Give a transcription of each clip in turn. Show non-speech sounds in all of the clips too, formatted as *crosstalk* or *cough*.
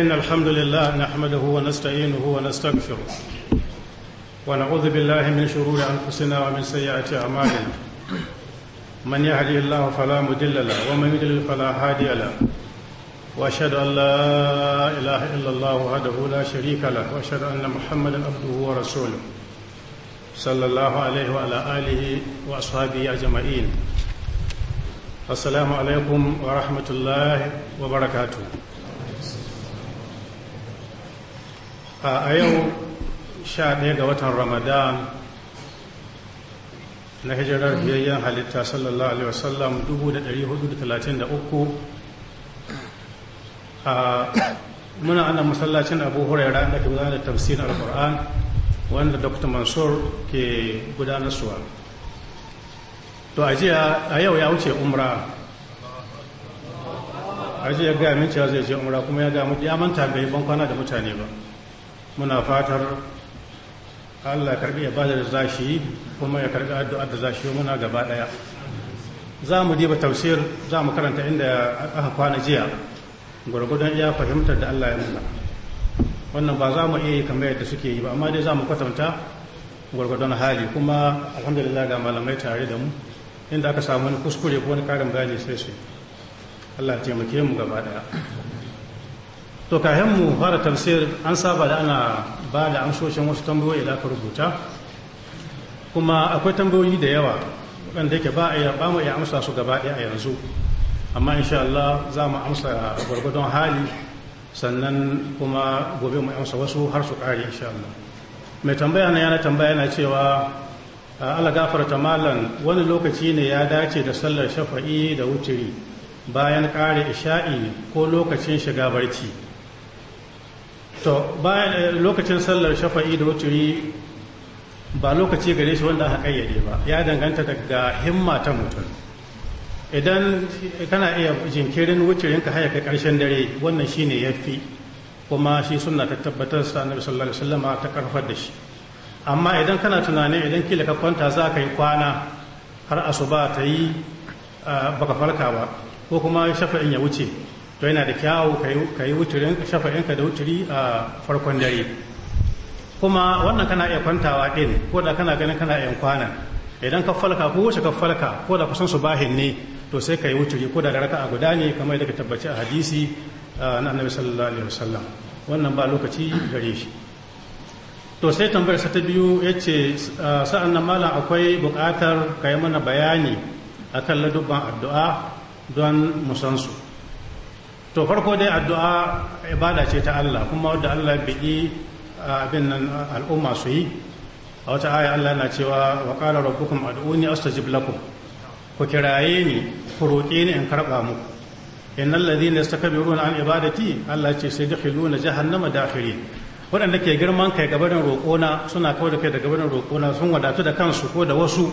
إن الحمد لله نحمده ونستعينه ونستغفره ونعوذ بالله من شرور أنفسنا ومن سيئات أعمالنا من يهدي الله فلا مضل له ومن يضلل فلا هادي له وأشهد أن لا إله إلا الله وحده لا شريك له وأشهد أن محمدا عبده ورسوله صلى الله عليه وعلى آله وأصحابه أجمعين السلام عليكم ورحمة الله وبركاته a yau sha ɗaya ga watan ramadan na hijirar biyayyen halitta sallallahu alaihi wasallam 433 a muna ana masallacin abu huraira da ke gudanar da tafsirin alkur'an wanda dr mansur ke gudanarsuwa to a jiya a yau ya wuce umra a jiya ga min cewa zai je umra kuma ya ga ya manta bai ban kwana da mutane ba muna fatar allah ya karbi ba da za kuma ya karbi addu'a da za shi muna gaba daya za mu diba tausir za mu karanta inda aka kwana jiya gwargwadon iya fahimtar da allah ya nuna wannan ba za mu iya yi kamar yadda suke yi ba amma dai za mu kwatanta gwargwadon hali kuma alhamdulillah ga malamai tare da mu inda aka samu wani kuskure ko wani karin bayani sai su Allah ya taimake mu gaba daya to kayan mu fara tafsir an saba da ana ba da amsoshin wasu tambayoyi da aka rubuta kuma akwai tambayoyi da yawa wanda yake ba a ba mu iya amsa su gaba ɗaya a yanzu amma insha Allah za mu amsa gwargwadon hali sannan kuma gobe mu amsa wasu har su kare insha Allah mai tambaya na yana tambaya yana cewa Allah gafarta malam wani lokaci ne ya dace da sallar shafa'i da wuturi bayan ƙare isha'i ko lokacin shiga barci to bayan eh, lokacin sallar shafa'i da wuturi ba lokaci gare shi wanda aka kayyade ba ya danganta daga himma ta mutum idan kana iya jinkirin wuturin ka haya karshen dare wannan shine yafi kuma shi suna ta tabbatar sa annabi sallallahu alaihi ta karfar da shi amma idan kana tunanin idan kila ka kwanta za ka yi kwana har asuba ta yi eh, baka farka ba ko kuma shafa'in ya wuce to yana da kyawu ka yi wuturin shafa'inka da wuturi a farkon dare kuma wannan kana iya kwantawa din ko da kana ganin kana iya kwana idan ka falka ko wuce ka falka ko da kusan su bahin ne to sai ka yi wuturi ko da raka a guda ne kamar yadda ka tabbaci a hadisi na annabi sallallahu alaihi wasallam wannan ba lokaci gare shi to sai tambayar sa ta biyu ya ce sa'an nan malam akwai buƙatar ka yi mana bayani akan ladubban addu'a don musansu to farko dai addu'a ibada ce ta Allah kuma wadda Allah biɗi abin nan al'umma su yi a wata aya Allah na cewa wa qala rabbukum ad'uni astajib lakum ku kiraye ni ku roƙe ni in karɓa muku innal ladhina yastakbiruna an ibadati Allah ce sai dakhiluna jahannama dakhirin waɗanda ke girman kai gabanin roƙona suna kawai da kai da gabanin roƙona sun wadatu da kansu ko da wasu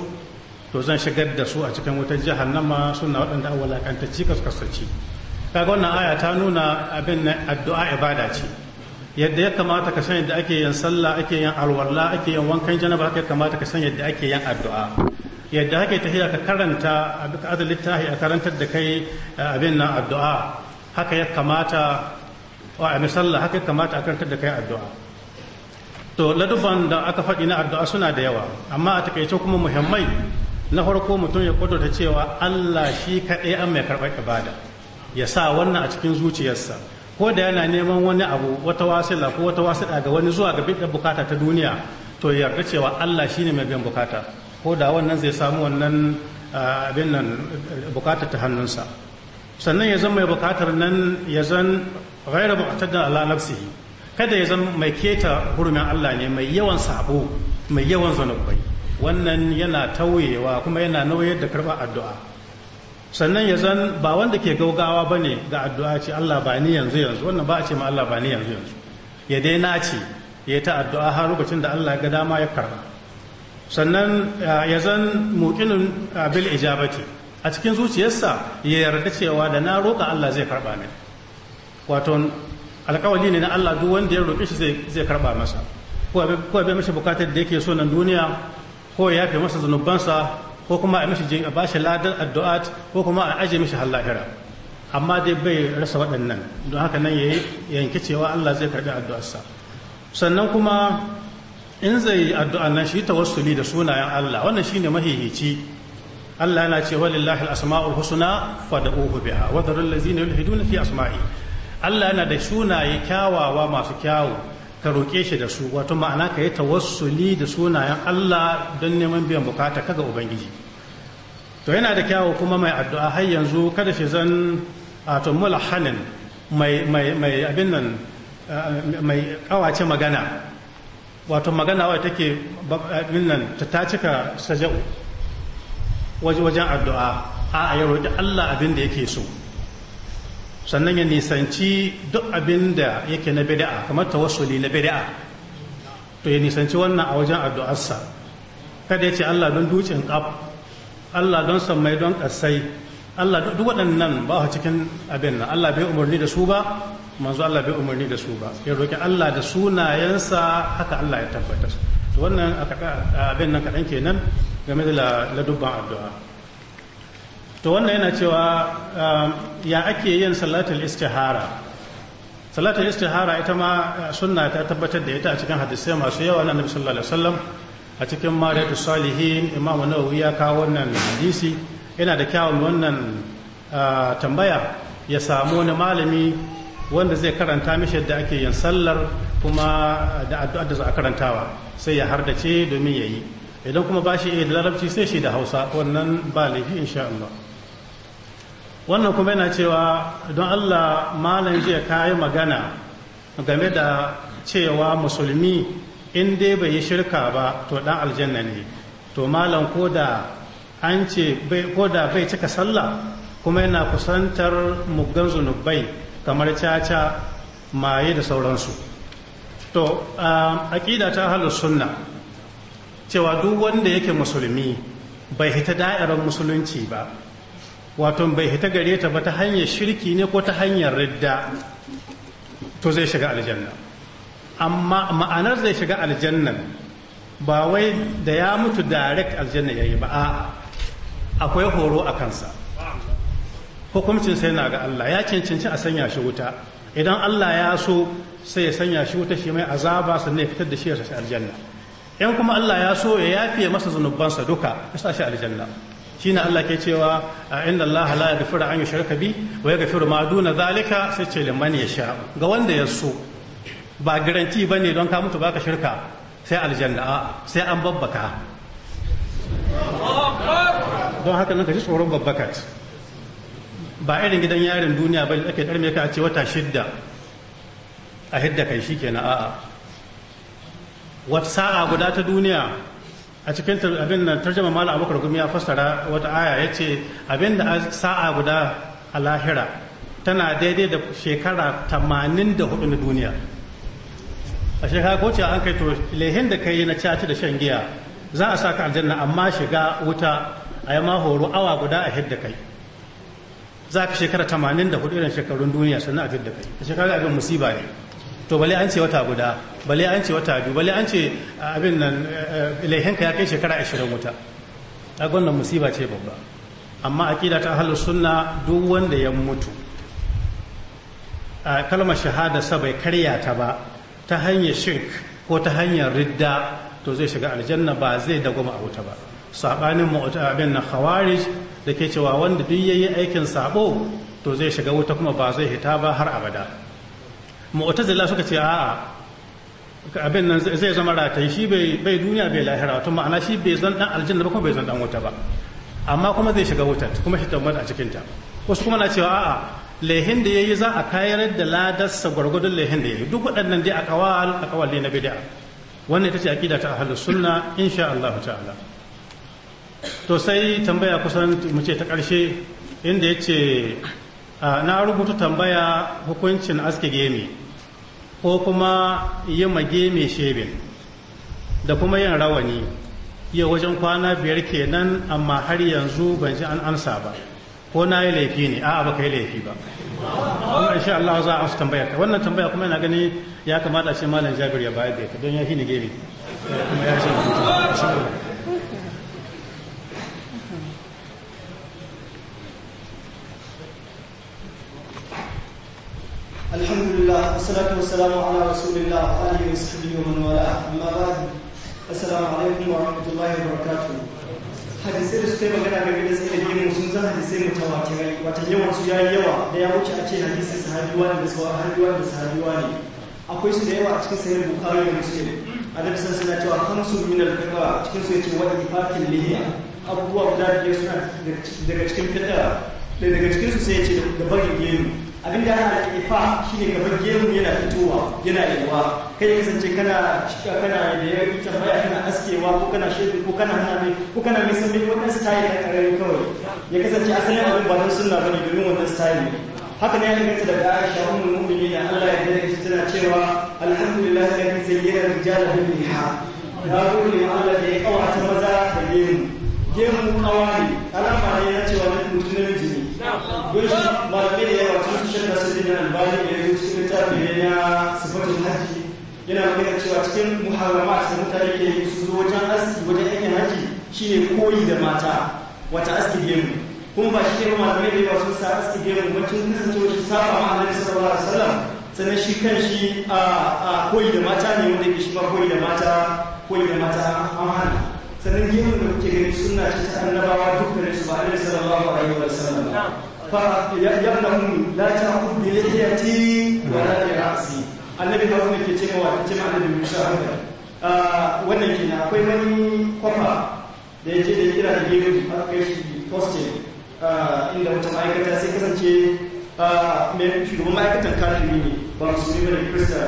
to zan shigar da su a cikin wutar jahannama suna waɗanda an wulaƙantacci kaskasaci kaga wannan aya ta nuna abin na addu'a ibada ce yadda ya kamata ka san yadda ake yin sallah ake yin alwala ake yin wankan janaba haka ya kamata ka san yadda ake yin addu'a yadda ake tafiya ka karanta a azal adal a karantar da kai eh, abin nan addu'a haka ya kamata wa a misalla haka ya kamata a karantar da kai addu'a to ladufan da aka faɗi na addu'a suna da yawa amma a takaice kuma muhimmai na farko mutum ya kudurta cewa Allah shi kaɗai an mai karɓar ibada ya sa wannan a cikin zuciyarsa ko da yana neman wani abu wata wasila ko wata wasila ga wani zuwa ga bidda bukata ta duniya to ya yarda cewa Allah shine mai biyan bukata ko da wannan zai samu wannan abin nan bukata ta hannunsa sannan ya zama mai bukatar nan ya zan bukatar da Allah nafsihi kada ya zama mai keta hurumin Allah ne mai yawan sabo mai yawan zanubai wannan yana tauyewa kuma yana nauyar da karɓar addu'a sannan ya zan ba wanda ke gaugawa ba ne ga addu'a ce Allah ba ni yanzu yanzu wannan ba a ce ma Allah ba ni yanzu yanzu ya dai na ce ya ta addu'a har lokacin da Allah ga dama ya karba sannan ya zan muqinun bil ijabati a cikin zuciyarsa ya yarda cewa da na roƙa Allah zai karba min wato alƙawari ne na Allah duk wanda ya roƙe shi zai karba masa ko bai mashi bukatar da yake so nan duniya ko ya yafe masa zunubansa ko kuma a mishi a bashi ladar addu'at ko kuma a aje mishi har lahira amma dai bai rasa waɗannan don haka nan ya yanki cewa Allah zai karɓi addu'arsa sannan kuma in zai yi addu'a nan shi ta tawassuli da sunayen Allah wannan shine mahihici Allah yana cewa lillahi al-asma'ul husna fad'uhu biha wa dharul ladzina yulhiduna fi asma'i Allah yana da sunaye kyawawa masu kyawu ka roƙe shi da su wato ma'ana ka yi tawassuli da sunayen Allah don neman biyan bukata kaga ubangiji to yana da kyawu kuma mai addu'a har yanzu kada shi zan wato mulhanin mai mai abin nan mai kawace magana wato magana wadda take abin nan ta cika saja'u wajen addu'a a ya roƙi Allah abin da yake so sannan ya nisanci duk abin da yake na bid'a kamar ta tawassuli na bid'a to ya nisanci wannan a wajen addu'arsa kada ya ce Allah don dukin kaf Allah don sammai don kasai Allah duk waɗannan ba a cikin abin nan Allah bai umarni da su ba manzo Allah bai umarni da su ba ya roki Allah da sunayensa haka Allah ya tabbatar to wannan abin nan kaɗan kenan game da ladubban addu'a to wannan yana cewa um, ya ake yin salatul istihara salatul istihara ita ma uh, sunna ta tabbatar da ita a cikin hadisai masu yawa na annabi sallallahu alaihi wasallam a cikin mariyatu salihin imam nawawi ya kawo wannan hadisi yana da kyawun wannan uh, tambaya ya samu wani malami wanda zai karanta mishi yadda ake yin sallar kuma uh, da addu'ar da za a karantawa sai ya hardace domin ya yi idan kuma ba shi da larabci sai shi da hausa wannan ba laifi insha Allah wannan kuma yana cewa don allah malam jiya ka yi magana game da cewa musulmi in dai bai yi shirka ba to dan aljanna ne to malam ko da an ce ko da bai cika sallah kuma yana kusantar muggan zunubai kamar caca maye da sauransu to aƙida ta halar sunna cewa duk wanda yake musulmi bai hita da'irar musulunci ba wato bai hita gare ta ba ta hanyar shirki ne ko ta hanyar ridda to zai shiga aljanna amma ma'anar zai shiga aljannan ba wai da ya mutu direct aljanna ya yi ba a'a akwai horo a kansa hukuncin sai na ga Allah ya cancanci a sanya shi wuta idan Allah ya so sai ya sanya shi wuta shi mai azaba sannan ya fitar da shi ya aljanna in kuma Allah ya so ya yafe masa zunubansa duka ya sa shi aljanna shine Allah ke cewa a inda Allah la yaghfiru an yushraka bi wa yaghfiru ma duna zalika sai ce liman yasha ga wanda ya so ba garanti bane don ka mutu baka shirka sai aljanna sai an babbaka don haka nan ka ji tsoron babbakat ba irin gidan yarin duniya ba ake karme ka ce wata shidda a hidda kai shikenan a'a wata sa'a guda ta duniya a cikin abin nan tarjama mala abubakar gumi ya fassara wata aya ya ce abin da sa'a guda a lahira tana daidai da shekara tamanin da hudu na duniya a shekara ko an kai to lehin da kai na caci da shan giya za a sa ka aljanna amma shiga wuta a yi ma horo awa guda a hidda kai za ka shekara tamanin da hudu irin shekarun duniya sannan a hidda kai a shekara abin musiba ne to bale an ce wata guda balai an ce wata biyu balai an ce abin nan eh, eh, laihinka ya kai shekara ashirin wuta a wannan musiba ce babba amma aƙida ta ahlus suna duk wanda ya mutu a kalmar sa bai karya ta ba ta hanyar shirk ko ta hanyar ridda to zai shiga aljanna ba zai dagoma a wuta ba sabanin abin na khawarij da ke cewa wanda duk yi aikin sabo to zai shiga wuta kuma ba zai hita ba har abada mu'tazila suka ce a'a abin nan zai zama rataye shi bai duniya bai lahira tun ma'ana shi bai zan dan aljanna ba kuma bai zan dan wuta ba amma kuma zai shiga wuta kuma shi tabbata a cikinta wasu kuma na cewa a'a lehin da yayi za a kayar da ladarsa gwargwadon lehin da yayi duk waɗannan dai akawal akawal ne na bid'a wannan ita ce aqida ta ahlus sunna insha Allah ta'ala to sai tambaya kusan mu ce ta ƙarshe inda yace na rubuta tambaya hukuncin aske gemi ko kuma yi mage mai shebin da kuma yin rawani iya wajen kwana biyar kenan amma har yanzu ban ji an ansa ba ko na yi laifi ne a'a baka yi laifi ba kuma insha Allah za a su tambayar ta wannan tambaya kuma yana gani ya kamata a ce malam Jabir ya bayar da ita don ya hini gebe kuma الحمد لله والصلاة والسلام على رسول الله وآله وصحبه ومن والاه أما بعد السلام عليكم ورحمة الله وبركاته hadisai da suka yi magana game da tsaye gini sun zan hadisai mutawatirai wata yawan su yayi yawa da ya wuce a ce hadisi sahabiwa ne da sahabiwa da sahabiwa ne akwai su da yawa a cikin sahih bukhari da muslim annabi sallallahu alaihi cewa khamsu min al-fiqh cikin su yace wa ifatil lihiya abubuwa guda biyar suna daga cikin fiqh daga cikin su sai yace da bari gemu abin da ana ifa ne kamar gemu yana fitowa yana yawa kai ya kasance kana kana da ya yi tambaya kana askewa ko kana shedu ko kana hanami ko kana mai sun wannan style na kawai ya kasance asalin abin ba don sunna bane domin wannan style haka ne ya inganta daga Aisha ummul da Allah ya zai shi tana cewa alhamdulillah sai zayyana rijala bil liha ya gode ma Allah da ya kawata maza da gemu gemu kawai alama ne ya cewa mutum ne don shi malamai da yawa sun nasirin albani da ya zo cikin littafi ne na sifatin haji yana magana cewa cikin muharramat cikin mutane ke yi su zo wajen aski wajen aikin haji shine koyi da mata wata aski gemu kuma ba shi ne malamai da yawa sun sa aski gemu wacin kasancewa shi saba ma annabi sallallahu alaihi wasallam sannan shi kan shi a koyi da mata ne wanda ke shi ma koyi da mata koyi da mata an hana sannan gemu da kuke gani sunna ce ta annabawa dukkanin su ba annabi sallallahu alaihi wasallam ya na ummi la ta hubbi lihiyati wa la bi ra'si annabi da ah, wannan ke cewa ta ce annabi Musa haka wannan kenan akwai wani kwafa da ya ce da kira da gero har kai shi a ah, inda wata ma'aikata sai kasance ah, mai shugaban ma'aikatan kafiri ne ba musulmi ba da kirista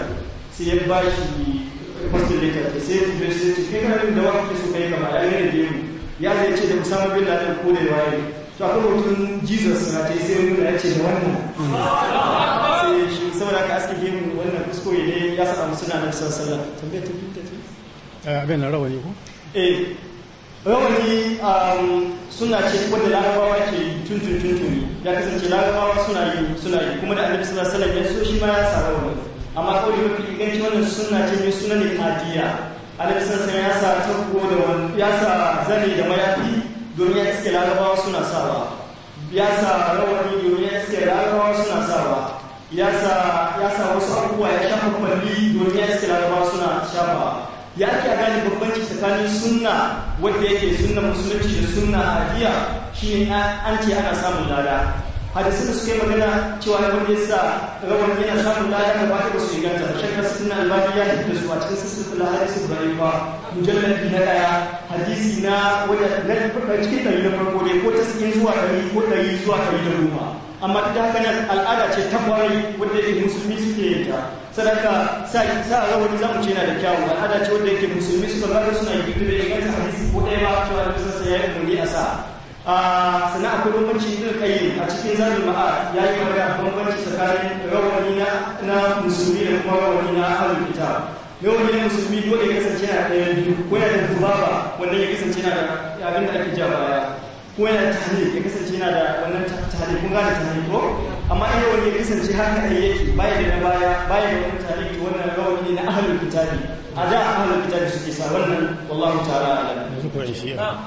sai ya ba shi posting letter da sai ya ce kai kana da wani ke kai kama ya gane da gero ya zai ce da musamman bin ladan ko da waye to akwai mutum jesus na ce sai nuna ya ce da wannan sai saboda ka aske gemu wannan kuskure ne ya saba musu na nabi sallallahu alaihi ta fi tafi eh, abin na rawani ko eh rawani um, suna ce wanda larabawa ke tuntun tuntun ya kasance larabawa suna yi suna yi kuma da annabi sallallahu alaihi ya so shi ma ya sa rawani amma kawai mafi inganci wannan suna ce mai suna ne kadiya annabi sallallahu ya sa tabbo da ya sa zane da mayafi duniya iske larabawa suna sawa ya sa rawani duniya iske larabawa suna sawa ya sa wasu abubuwa ya shafa kwalli duniya iske larabawa suna shafa ya ake gane bambanci tsakanin sunna wadda yake sunna musulunci da sunna hadiya shi an ce ana samun lada hadisin da suke magana cewa ya wanda yasa rawar yana samun lada da ba ta wasu inganta ba shakka sunna albani ya tafi su a cikin sisir da hadisi da ba mujalladi na daya hadisi na wanda na cikin dari na farko ne ko ta sikin zuwa dari ko dari zuwa dari da goma amma ta haka nan al'ada ce ta kwarai wanda yake musulmi suke yin ta sadaka sa sa rawar za ce yana da kyawu al'ada ce wanda yake musulmi suka gado suna yi duk da inganta hadisi ko ɗaya ba cewa da bisa sai ya yi a sa sannan akwai bambanci ibn kai a cikin zarin ma'a ya yi magana bambanci tsakanin rawani na musulmi da kuma rawani na ahlul kitab rawani na musulmi dole ya kasance na da biyu ko yana da zubaba wannan ya kasance na da abin da ake jawa baya ko yana da ya kasance na da wannan tahlil kun gane tahlil ko amma a rawani ya kasance haka ɗaya yake bayan da na baya bayan da wani tahlil ke wannan rawani na ahlul ne a da ahlul kitab suke sa wannan wallahu ta'ala alam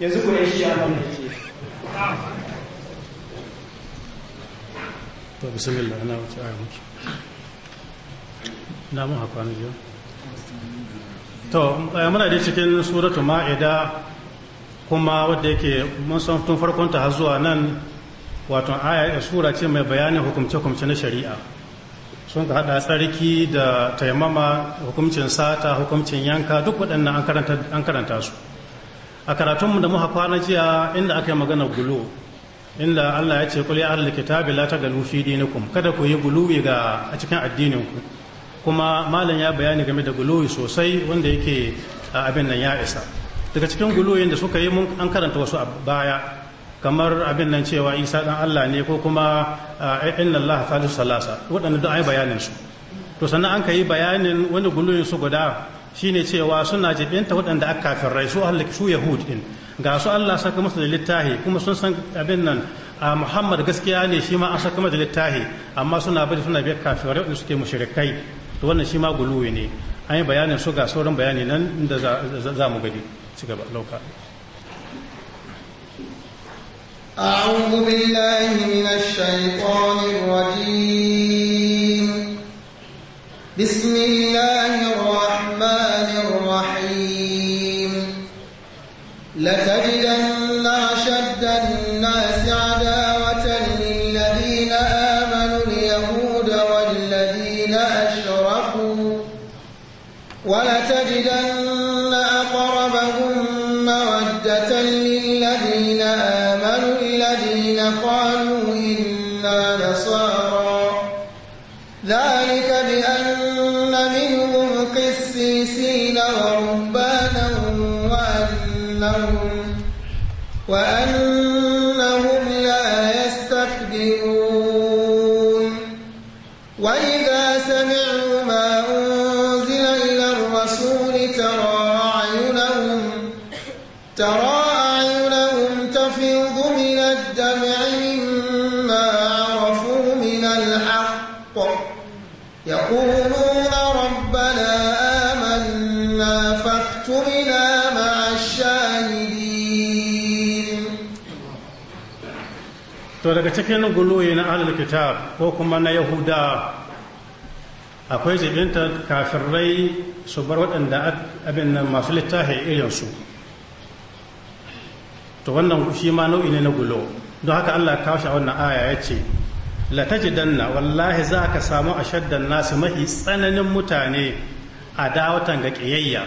yanzu ko shi ya mun yake to bismillah ana wuce ayi muke na mun haka ne to eh, muna da cikin suratul ma'ida kuma wadda yake mun san tun farkon ta zuwa nan wato aya eh, sura ce mai bayanin hukumce-hukumce na shari'a sun ka hada tsarki da taimama hukumcin sata hukumcin yanka duk waɗannan an karanta su a karatunmu da muka kwana jiya inda aka yi magana gulu inda Allah ya ce kul ya ahlul kitabi la tagalu fi dinikum kada ku yi guluwi ga a cikin addinin ku kuma malam ya bayani game da guluwi sosai wanda yake abin nan ya isa daga cikin guluwin da suka yi mun an karanta wasu a baya kamar abin nan cewa Isa dan Allah ne ko kuma inna Allah thalithu salasa waɗanda duk ai bayanin su to sannan an ka yi bayanin wani guluwin su guda shine cewa suna jibinta waɗanda aka kafin su ahlik su yahud din ga su Allah saka masa da littahi kuma sun san abin nan a Muhammad gaskiya ne shi ma an saka masa da littahi amma suna bari suna biyar kafin waɗanda suke mushrikai to wannan shi ma guluwi ne an yi bayanin su ga sauran bayani nan da za mu gani ci gaba lauka أعوذ بالله من الشيطان الرجيم بسم الله daga cikin guluyi na ahlul kitab ko kuma na yahuda akwai jibinta kafirai su bar waɗanda abin nan masu littafi irinsu to wannan shi ma nau'i ne na gulo don haka allah kawo a wannan aya ya ce danna wallahi za ka samu a shaddan nasu mahi tsananin mutane a dawatan ga ƙiyayya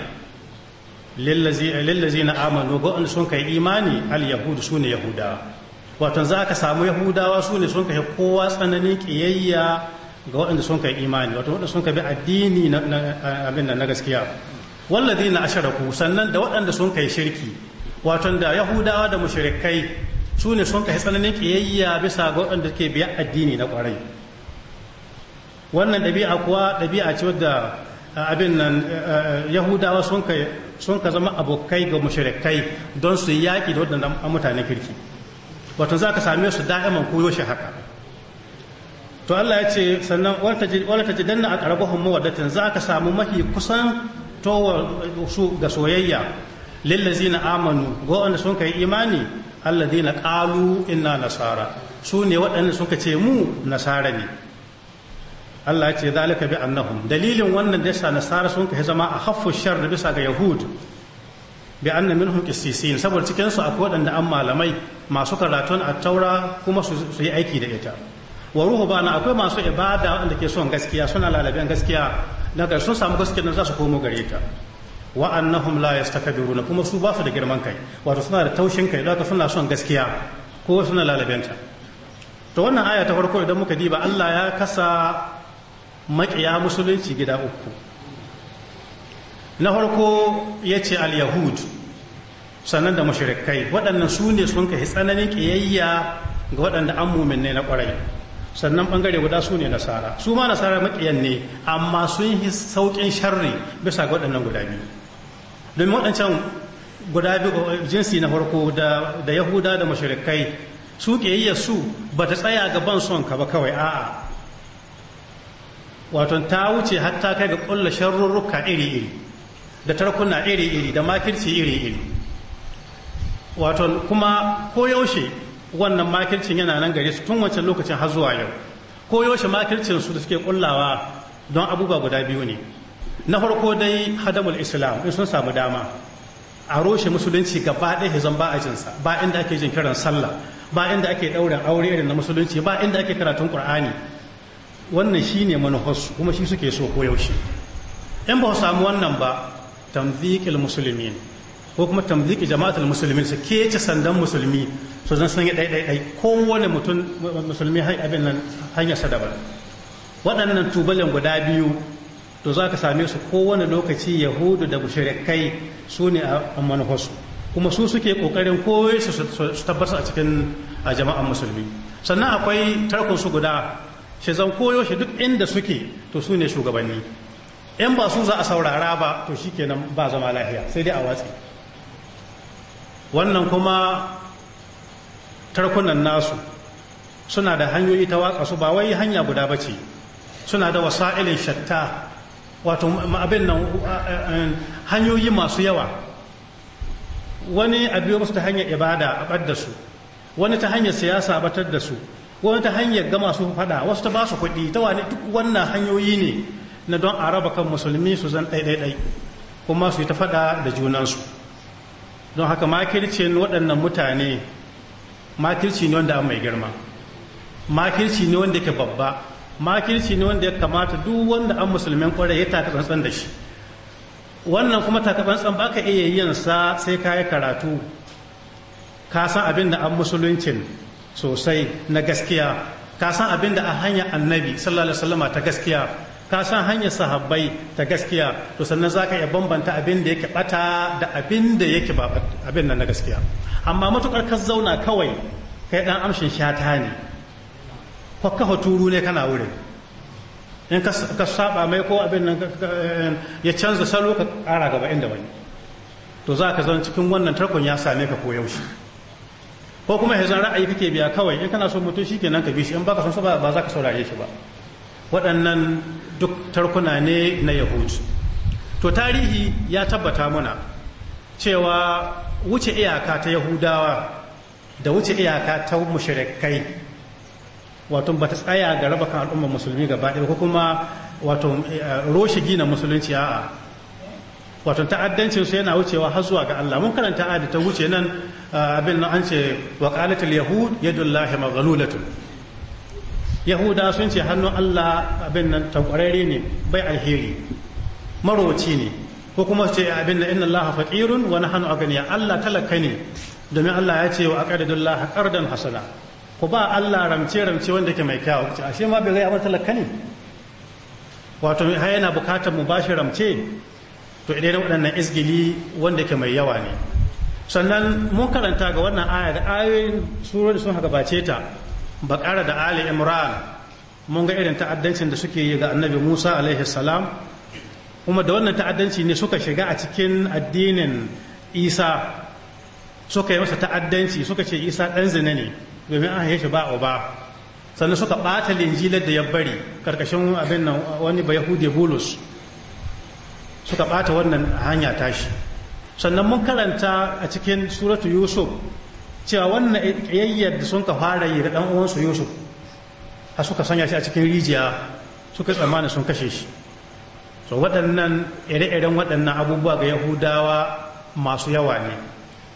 lillazi na amanu ga sun kai imani al yahudu su ne yahudawa wato za ka samu yahudawa su ne sun kai kowa tsananin ƙiyayya ga waɗanda sun kai imani wato waɗanda sun kai bi addini na abin na gaskiya wallazi na asharaku sannan da waɗanda sun kai shirki wato da yahudawa da mushrikai su ne sun kai tsananin ƙiyayya bisa ga waɗanda ke biya addini na ƙwarai wannan ɗabi'a kuwa ɗabi'a ce wadda abin nan yahudawa sun ka zama abokai ga mushrikai don su yaƙi da waɗanda mutanen kirki wato za ka same su da'iman koyo haka to Allah ya ce sannan wala ta jidanna a ƙarƙahun mawaddatin za ka samu mafi kusan towar su ga soyayya lillazi na amanu ga wanda sun imani allazi na ƙalu ina nasara su ne waɗanda ka ce mu nasara ne Allah ya ce zalika bi annahum dalilin wannan da yasa nasara sun kai zama a haffu shar bisa ga yahud bi anna minhum qissisin saboda cikin su akwai wadanda an malamai masu karatun a taura kuma su yi aiki da ita wa ruhu bana akwai masu ibada wanda ke son gaskiya suna lalaben gaskiya daga sun samu gaskiya nan za su komo gare ta wa annahum la yastakbiruna kuma su ba su da girman kai wato suna da taushin kai daga suna son gaskiya ko suna lalabenta to wannan aya ta farko idan muka diba Allah ya kasa maƙiya musulunci gida uku na farko ya ce al-yahud sannan da mashirikai waɗannan su ne sun kai tsananin ƙiyayya ga waɗanda an mumin ne na ƙwarai sannan ɓangare guda su ne nasara su ma nasara maƙiyan ne amma sun yi sauƙin sharri bisa ga waɗannan guda biyu domin waɗancan guda biyu jinsi na farko da yahuda da mashirikai su ƙiyayya su ba ta tsaya gaban son ka ba kawai a'a wato ta wuce hatta kai ga ƙulla sharrurruka iri-iri da tarkuna iri-iri da makirci iri-iri wato kuma koyaushe wannan makircin yana nan gare su tun wancan lokacin har zuwa yau koyaushe makircin su da suke kullawa don abubuwa guda biyu ne na farko dai hadamul islam in sun samu dama a roshe musulunci gaba ɗaya zan ba a jinsa ba inda ake jin kiran sallah ba inda ake ɗaurin aure irin na musulunci ba inda ake karatun ƙur'ani wannan shine manufarsu kuma shi suke so koyaushe in ba samu wannan ba tamzikil musulmi ko kuma tamziki jama'atul musulmin su kece sandan musulmi su zan sanya ɗai ɗai ɗai kowane mutum musulmi abin nan hanyar sa daban waɗannan tubalin guda biyu to za ka same su kowane lokaci yahudu da bushirikai su ne a manufarsu kuma su suke ƙoƙarin koyo su tabbasa a cikin jama'an musulmi sannan akwai tarkon su guda shi zan koyo shi duk inda suke to su ne shugabanni in ba su za a saurara ba to shikenan ba zama lahiya sai dai a watsi wannan kuma tarkunan nasu suna da hanyoyi ta watsa su ba wai hanya guda ba ce suna da wasa'ilin shatta wato abin nan uh, uh, hanyoyi masu yawa wani a biyo musu ta hanyar ibada a ɓadda su wani ta hanyar siyasa batar da su wani ta hanyar gama su faɗa wasu ta ba su kuɗi ta wani duk wannan hanyoyi ne na don a raba kan musulmi su zan ɗaiɗaiɗai kuma su yi ta faɗa da junansu don haka makircin waɗannan mutane makirci ne wanda mai girma makirci ne wanda yake babba makirci ne wanda ya kamata duk wanda an musulmin kwarai ya taka tsantsan da shi wannan kuma taka tsantsan ba ka iya yin sa sai ka yi karatu ka san abin da an musuluncin sosai na gaskiya ka san abin da a hanyar annabi sallallahu alaihi ta gaskiya ka san hanyar sahabbai ta gaskiya to sannan za ka iya bambanta abin da yake bata da abin da yake ba abin nan na gaskiya amma matukar ka zauna kawai kai dan amshin shata ne ka turu ne kana wurin in ka saba mai ko abin nan eh, ya canza salo ka kara gaba inda wani to za ka zan cikin wannan tarkon ya same ka ko yaushe ko kuma hezan ra'ayi kake biya kawai in kana so mutum shi kenan ka bi shi in baka son ba za ka saurare shi ba waɗannan duk tarkuna ne na Yahud. to tarihi ya tabbata muna cewa wuce iyaka ta yahudawa da wuce iyaka ta mushrikai wato ba ta tsaya ga raba kan al'ummar musulmi gaba ɗaya ko kuma wato eh, roshe gina musulunci a'a wato ta'addancin su yana wucewa har zuwa ga Allah mun karanta ta wuce nan eh, abin nan an ce wa qalatul yahud yadullahi maghlulatun yahuda sun ce hannun allah abin nan tankwararre ne bai alheri marwaci ne ko kuma ce abin nan inna allaha faqirun wa nahnu aganiya allah talaka ne domin allah ya ce wa aqradullah qardan hasana ko ba allah ramce ramce wanda ke mai kyawa ce ashe ma bai ga talaka ne wato har yana bukatar mu bashi ramce to idan waɗannan izgili wanda ke mai yawa ne sannan mun karanta ga wannan aya da ayoyin surar sun gabace ta Baƙara da ali imran mun ga irin ta'addancin da suke yi ga annabi musa alaihi salam kuma da wannan ta'addanci ne suka shiga a cikin addinin isa suka yi masa ta'addanci suka ce isa ɗan zina ne domin an haife shi ba uba sannan suka ɓata linjilar da ya bari karkashin abin nan wani ba yahudi bulus suka ɓata wannan hanya tashi sannan mun karanta a cikin suratu yusuf cewa wannan ƙiyayyar da sun ka fara yi da ɗan uwansu yusuf a suka sanya shi a cikin rijiya suka tsammanin sun kashe shi so waɗannan ire-iren waɗannan abubuwa ga yahudawa masu yawa ne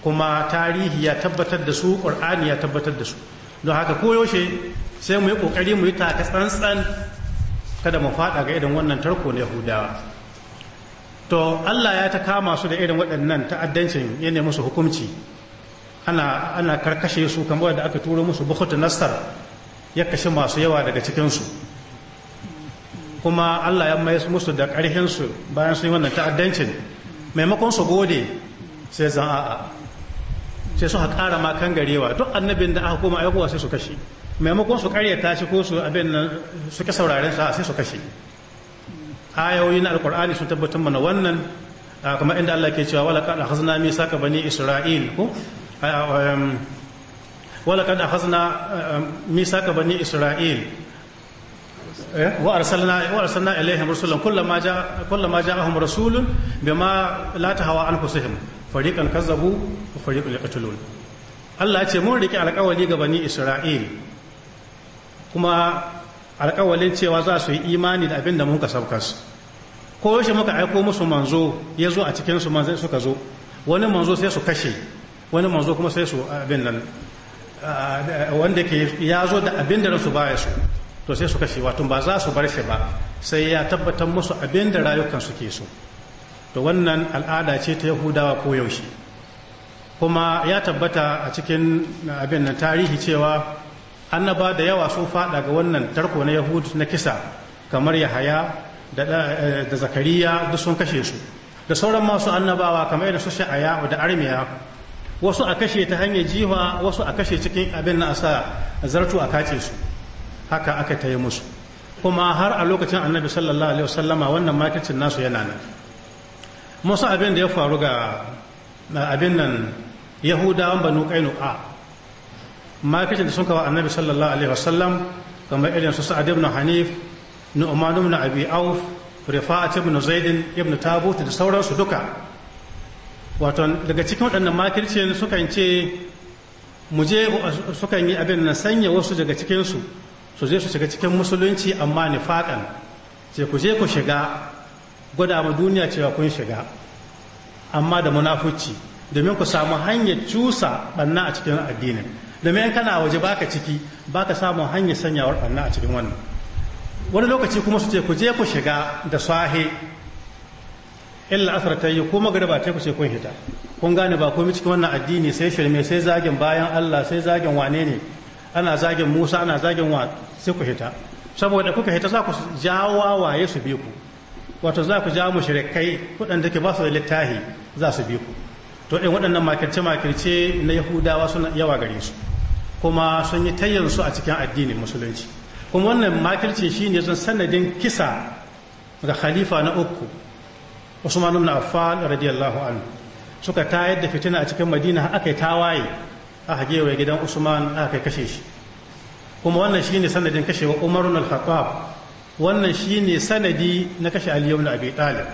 kuma tarihi ya tabbatar da su ƙur'ani ya tabbatar da su don haka koyaushe sai mu yi ƙoƙari mu yi taka tsantsan kada mu faɗa ga irin wannan tarko na yahudawa to allah ya ta kama su da irin waɗannan ta'addancin ya musu hukunci ana karkashe su kamar da aka turo musu bukutu nasar ya kashe masu yawa daga cikinsu kuma Allah ya mai musu da ƙarhin bayan sun yi wannan ta'addancin maimakon su gode sai zan a'a sai su haƙara ma kan garewa duk annabin da aka koma aikowa sai su kashe maimakon su karyata shi ko su abin nan su sauraren sa sai su kashe ayoyi na alkur'ani sun tabbatar mana wannan kamar inda Allah ke cewa wala qad mi saka bani isra'il ko ولقد أخذنا ميثاق بني إسرائيل وأرسلنا وأرسلنا إليهم رسلا كلما جاء كلما جاءهم رسول بما لا تهوى أنفسهم فريقا كذبوا وفريقا يقتلون Allah ce mun rike alƙawali ga bani Isra'il kuma alƙawalin cewa za su yi imani da abin da muka saukas ko yaushe muka aiko musu manzo ya zo a cikin su manzo suka zo wani manzo sai su kashe wani manzo kuma sai su ah, abin nan ah, ah, wanda ke ya zo da abin da su baya su to sai su kashe wato ba za su bar shi ba sai ya tabbatar musu abin da rayukan suke so to wannan al'ada ce ta yahudawa ko yaushe kuma ya tabbata a cikin abin nan tarihi cewa annaba da yawa sun fada ga wannan tarko na yahud na kisa kamar yahaya eh, da zakariya duk sun kashe su da sauran masu annabawa kamar yadda su sha'aya da armiya wasu a kashe ta hanyar jiwa wasu a kashe cikin abin na asa zartu a kace su haka aka ta yi musu kuma har a lokacin annabi sallallahu alaihi wasallama wannan makicin nasu yana nan musu abin da ya faru ga abin nan yahudawan banu kainuka makicin da sun kawo annabi sallallahu alaihi wasallam kamar irin su sa'ad ibn hanif nu'man ibn abi auf rifa'at ibn zaid ibn tabut da sauransu duka wato daga cikin waɗannan makircin sukan ce mu je sukan yi abin na sanya wasu daga cikinsu su je su shiga cikin musulunci amma nifaƙan ce ku je ku shiga gwada ma duniya cewa kun shiga amma da munafuci domin ku samu hanyar cusa ɓanna a cikin addinin domin in kana waje baka ciki baka samu hanyar sanyawar ɓanna a cikin wannan wani lokaci kuma su ce ku je ku shiga da sahe illa la'asar ta yi ko magariba ta ku sai kun hita kun gane ba komi cikin wannan addini sai shirme sai zagin bayan Allah sai zagin wane ne ana zagin Musa ana zagin wa sai ku hita saboda kuka hita za ku jawo waye su bi ku wato za ku jawo mushrikai da ke ba su da littahi za su bi ku to ɗin waɗannan makirce makirce na Yahudawa suna yawa gare su kuma sun yi tayyansu a cikin addini musulunci kuma wannan makirce shine sun sanadin kisa ga khalifa na uku usman ibn affan radiyallahu anhu suka tayar da fitina a cikin madina aka yi tawaye aka gewaye gidan usman aka kashe shi kuma wannan shine sanadin kashewa umar ibn al-khattab wannan shine sanadi na kashe ali ibn abi talib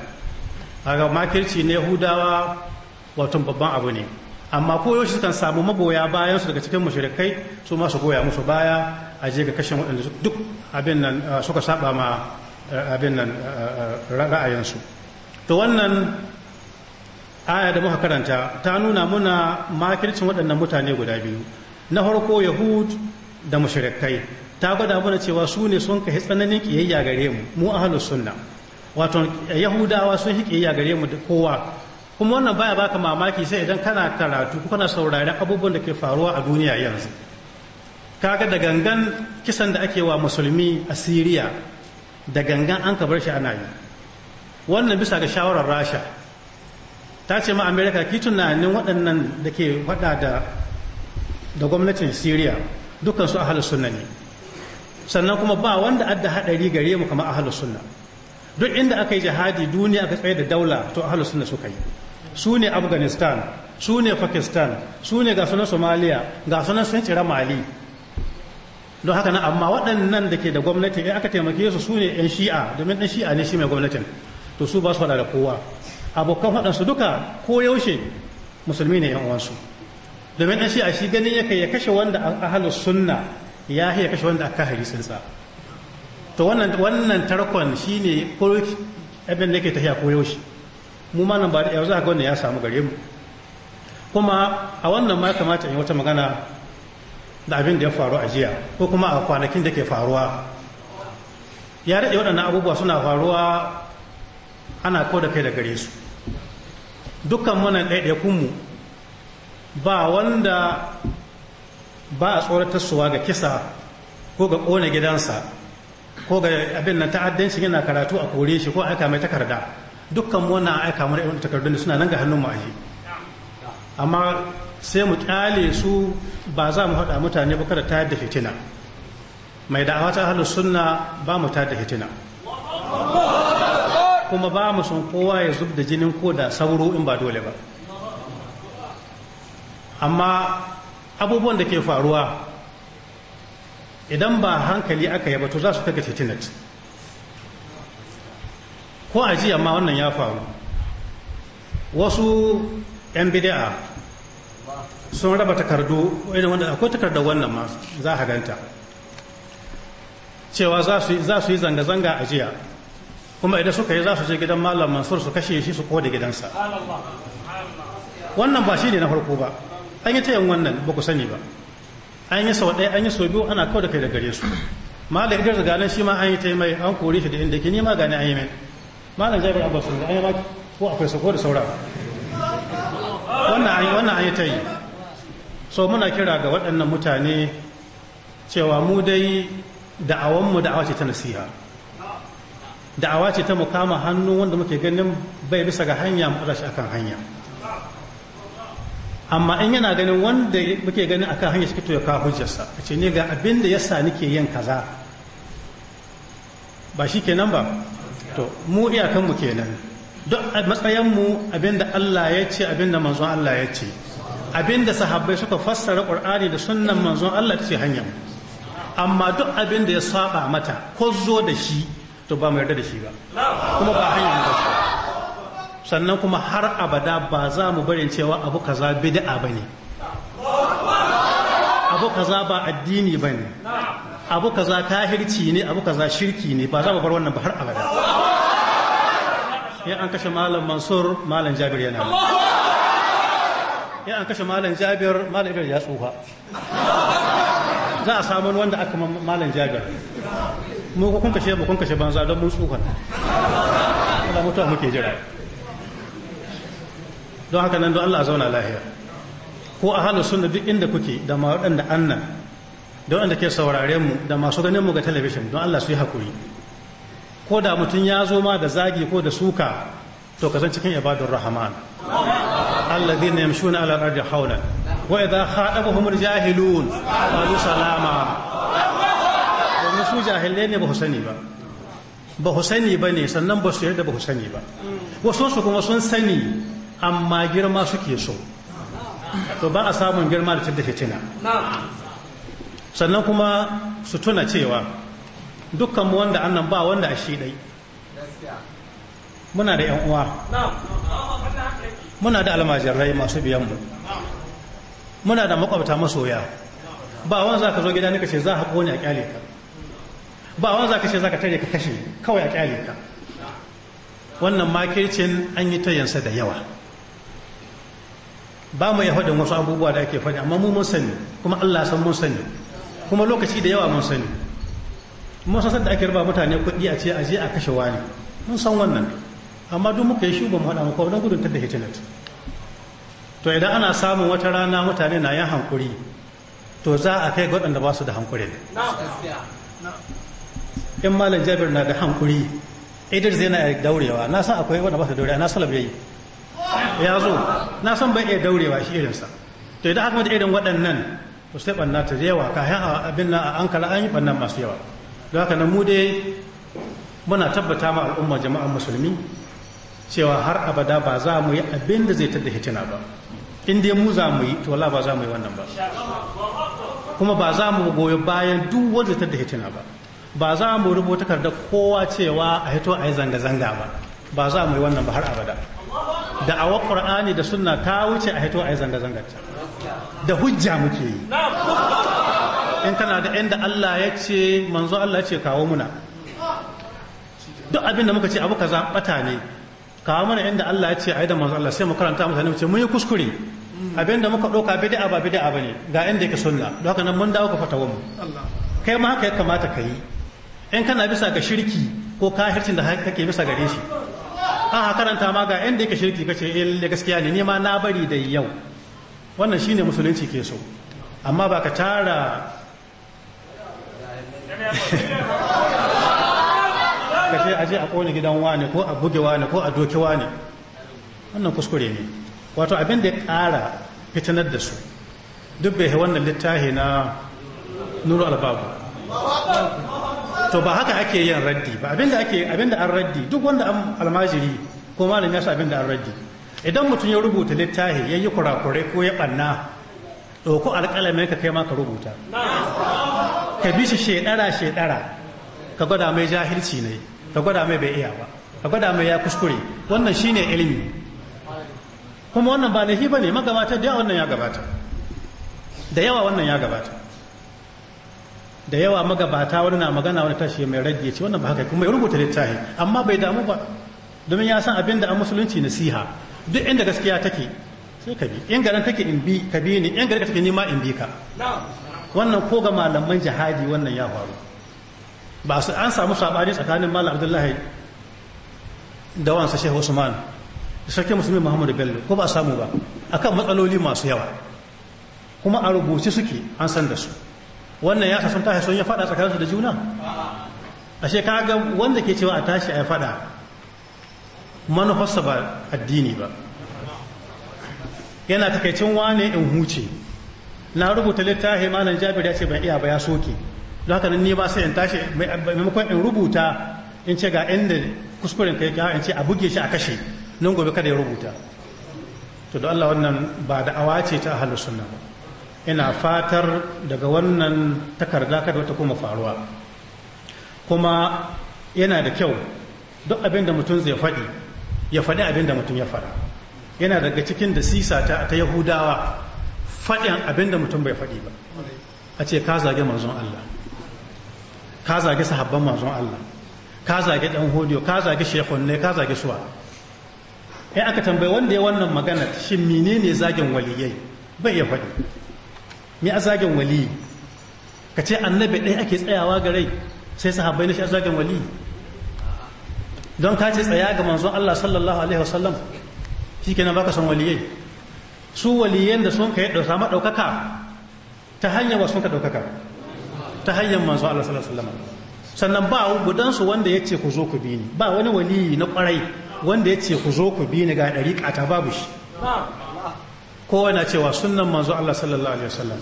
kaga makirci ne yahudawa wato babban abu ne amma koyaushe sukan samu magoya bayan su daga cikin mushrikai su ma su goya musu baya a je ga kashe waɗanda duk abin nan suka saba ma eh, abin nan eh, eh, ra'ayinsu to wannan aya da muka karanta ta nuna muna makircin waɗannan mutane guda biyu na farko yahud da mushrikai ta gwada mana cewa su ne sun kai tsananin kiyayya gare mu mu ahlus sunna wato yahudawa sun yi gare mu da kowa kuma wannan baya baka mamaki sai idan kana karatu ko kana sauraron abubuwan da ke faruwa a duniya yanzu kaga da gangan kisan da ake wa musulmi a Siriya da gangan an ka bar shi ana yi wannan bisa ga shawarar rasha ta ce ma Amerika ki tunanin waɗannan da ke faɗa da gwamnatin syria dukkan su ahalus sunna ne sannan kuma ba wanda adda haɗari gare mu kamar ahalus sunna duk inda aka yi jihadi duniya aka tsaye da daula to ahalus sunna suka yi su ne afghanistan su ne pakistan su ne ga sunan somalia ga sunan sun cira mali don haka na amma waɗannan da ke da gwamnatin in aka taimake su su ne 'yan shi'a domin ɗan shi'a ne shi mai gwamnatin to su ba su faɗa da kowa abokan faɗansu duka ko yaushe musulmi ne yan uwansu domin an shi a shi ganin yake ya kashe wanda ahalu sunna ya ya kashe wanda aka hari tsinsa to wannan wannan tarkon shine ko abin da yake tafiya ko yaushe mu ma nan ba za haka wannan ya samu gare mu kuma a wannan ma kamata in wata magana da abin da ya faru a jiya ko kuma a kwanakin da ke faruwa ya daɗe waɗannan abubuwa suna faruwa ana ko da kai da gare su dukkan mana ɗaiɗaikunmu ba wanda ba a tsoratarsuwa ga kisa ko ga ƙone gidansa ko ga abin nan ta'addanci yana karatu a kore shi ko aika mai takarda dukkan wannan aika mana takardun da suna nan ga hannun mu aji amma sai mu kyale su ba za mu haɗa mutane ba kada tayar da fitina mai da'awa ta ahlus sunna ba mu tayar da fitina kuma ba mu son kowa ya zub da jinin ko da sauro in ba dole ba amma abubuwan da ke faruwa idan ba hankali aka yi ba to za su kaga titinat ko a jiya ma wannan ya faru wasu 'yan bida'a sun raba takardu wanda akwai takardar wannan ma za a ganta cewa za su yi zanga-zanga a jiya kuma idan suka yi za su je gidan malam mansur su kashe shi su kode gidansa wannan ba shi ne na farko ba an yi ta yin wannan ba ku sani ba an yi sau ɗaya an yi sau biyu ana kawo da kai da gare su malam idris ganin shi ma an yi ta mai an kore shi da inda ke nima gane an yi mai malam zai bar abbas da an yi ma ko akwai ko da saura wannan an yi ta yi sau muna kira ga waɗannan mutane cewa mu dai da'awanmu da'awa ce ta nasiha da'awa ce ta mukama hannu wanda muke ganin bai bisa ga hanya mu shi akan hanya amma in yana ganin wanda muke ganin akan hanya shi to ya kawo hujjarsa a ce ne ga abin da yasa nake yin kaza ba shi kenan ba to mu iyakan mu kenan duk matsayin mu abin da Allah ya ce abin da manzon Allah ya ce abin da sahabbai suka fassara Qur'ani da sunnan manzon Allah ta ce hanyar amma duk abinda ya saba mata ko zo da shi to ba mu yarda da shi ba kuma ba hanyar ba sannan kuma har abada ba za mu barin cewa abu kaza bid'a bane abu kaza ba addini bane abu kaza kahirci ne abu kaza shirki ne ba za mu bar wannan ba har abada ya an kashe malam mansur malam jabir yana ya an kashe malam jabir malam jabir ya tsufa za a samu wanda aka malam jabir mu kun kashe mu kun kashe banza don mun tsufa Allah mutuwa muke jira don haka nan don Allah a zauna lahiya ko a halin sunna duk inda kuke da ma waɗanda annan da waɗanda ke saurare mu da masu ganin mu ga talabishin don Allah su yi hakuri ko da mutum ya zo ma da zagi ko da suka to ka zan cikin ibadun rahman alladhina yamshuna ala al-ardi hawlan wa idha khatabahum al-jahilun qalu salama jahilai ne ba ku sani ba ba ku sani ba ne sannan ba su yadda ba ku sani ba wasu su kuma sun sani amma girma suke so to ba a samun girma da cidda fitina sannan kuma su tuna cewa dukkan mu wanda annan ba wanda a shi muna da yan uwa muna da almajirai masu biyan mu muna da makwabta masoya ba wanda za zo gida nika ce za ka kone a kyale ka ba wani zaka ce zaka tare ka kashe kawai a kyale ka wannan makircin an yi tayansa da yawa ba mu ya faɗin wasu abubuwa da ake faɗi amma mu mun sani kuma Allah san mun sani kuma lokaci da yawa mun sani mun san da ake raba mutane kuɗi a ce a je a kashe wani mun san wannan amma duk muka yi ba mu haɗa muku don gudun da hitinat to idan ana samun wata rana mutane na yan hankuri to za a kai ga waɗanda ba su da hankuri in malam jabir na da hankuri idris yana daurewa na san akwai wanda ba su daurewa na salab yayi ya zo na san bai iya daurewa shi irinsa to idan aka mata irin waɗannan to sai ɓanna ta yawa kayan abin na an kala an yi ɓannan masu yawa don haka nan mu dai muna tabbata ma al'umma jama'an musulmi cewa har abada ba za mu yi abin da zai tada hitina ba in dai mu za mu yi to wala ba za mu yi wannan ba kuma ba za mu goyi bayan duk wanda tada hitina ba ba za mu rubuta da kowa cewa a hito a yi zanga-zanga ba ba za mu yi wannan ba har abada da awa qur'ani da sunna ta wuce a hito a yi zanga-zanga da hujja muke yi in kana da inda Allah ya ce manzo Allah ya ce kawo muna duk abin da muka ce abu kaza bata ne kawo mana inda Allah ya ce a yi da manzo Allah sai mu karanta mutane mu ce mun yi kuskure abin da muka ɗauka bid'a ba bid'a bane ga inda yake sunna don haka nan mun dawo ka fatawa mu kai ma haka ya kamata ka yi in kana bisa ga shirki ko kafircin da kake bisa gare shi a karanta ma ga inda yake shirki kace eh gaskiya ne nema na bari da yau wannan shine musulunci ke so amma ba ka tara *laughs* ka ce aje a kone gidan wani ko a buge wani ko a doki wani wannan kuskure ne wato abin da ya ƙara fitanar da su duk bai wannan littafi na nuru albabu to ba haka ake yin raddi ba abinda ake abinda an raddi duk wanda an almajiri ko malami ya abinda an raddi idan mutum ya rubuta littafi ya yi kurakure ko ya banna ɗauko alƙalamin ka kai ma ka rubuta ka bi shi shedara shedara ka gwada mai jahilci ne ka gwada mai bai iya ba ka gwada mai ya kuskure wannan shine ilimi kuma wannan ba nahi bane magabata da wannan ya gabata da yawa wannan ya gabata da yawa magabata wani na magana wani tashi mai rage ce wannan ba haka kuma ya rubuta littafi amma bai damu ba domin ya san abin da a musulunci nasiha duk inda gaskiya take sai ka bi in garin take in bi ka bi ni in garin take ni ma in bi ka wannan ko ga malaman jihadi wannan ya faru ba su an samu sabani tsakanin malam abdullahi da wansa shehu usman da sarki musulmi muhammadu bello ko ba samu ba akan matsaloli masu yawa kuma a rubuce suke an san da su wannan ya kasan tashi sun ya fada tsakaninsu da juna ashe ka ga wanda ke cewa a tashi a ya fada manufarsa ba addini ba yana takaicin wane in huce na rubuta littafi malam jabir ya ce ban iya ba ya soke don haka ni ba sai in tashi maimakon in rubuta in ce ga inda kuskuren kai in ce a buge shi a kashe nan gobe kada ya rubuta to da Allah wannan ba da'awa ce ta ahlus sunna ba ina fatar daga wannan takarda kada wata kuma faruwa kuma yana da kyau duk abin da mutum zai faɗi ya faɗi abin da mutum ya faɗa yana daga cikin da sisa ta ta yahudawa faɗin abin da mutum bai faɗi ba a ce ka zage manzon Allah ka zage sahabban manzon Allah ka zage dan hodiyo ka zage shehun ne ka zage suwa in aka tambayi wanda ya wannan magana shin menene zagen waliyai bai ya faɗi me azagen wali ka ce annabi ɗaya ake tsayawa ga rai sai sahabbai na shi azagen wali don ka ce tsaya ga manzon Allah sallallahu alaihi wasallam shi kenan baka son waliyai su waliyan da sun kai ɗauka ma ɗaukaka ta hanyar wa sun ka ɗaukaka ta hanyar manzon Allah sallallahu alaihi wasallam sannan ba gudansu wanda ya ce ku zo ku bini ba wani waliyi na kwarai wanda ya ce ku zo ku bini ni ga ɗariƙa ta babu shi kowa na cewa sunnan manzo Allah sallallahu alaihi wasallam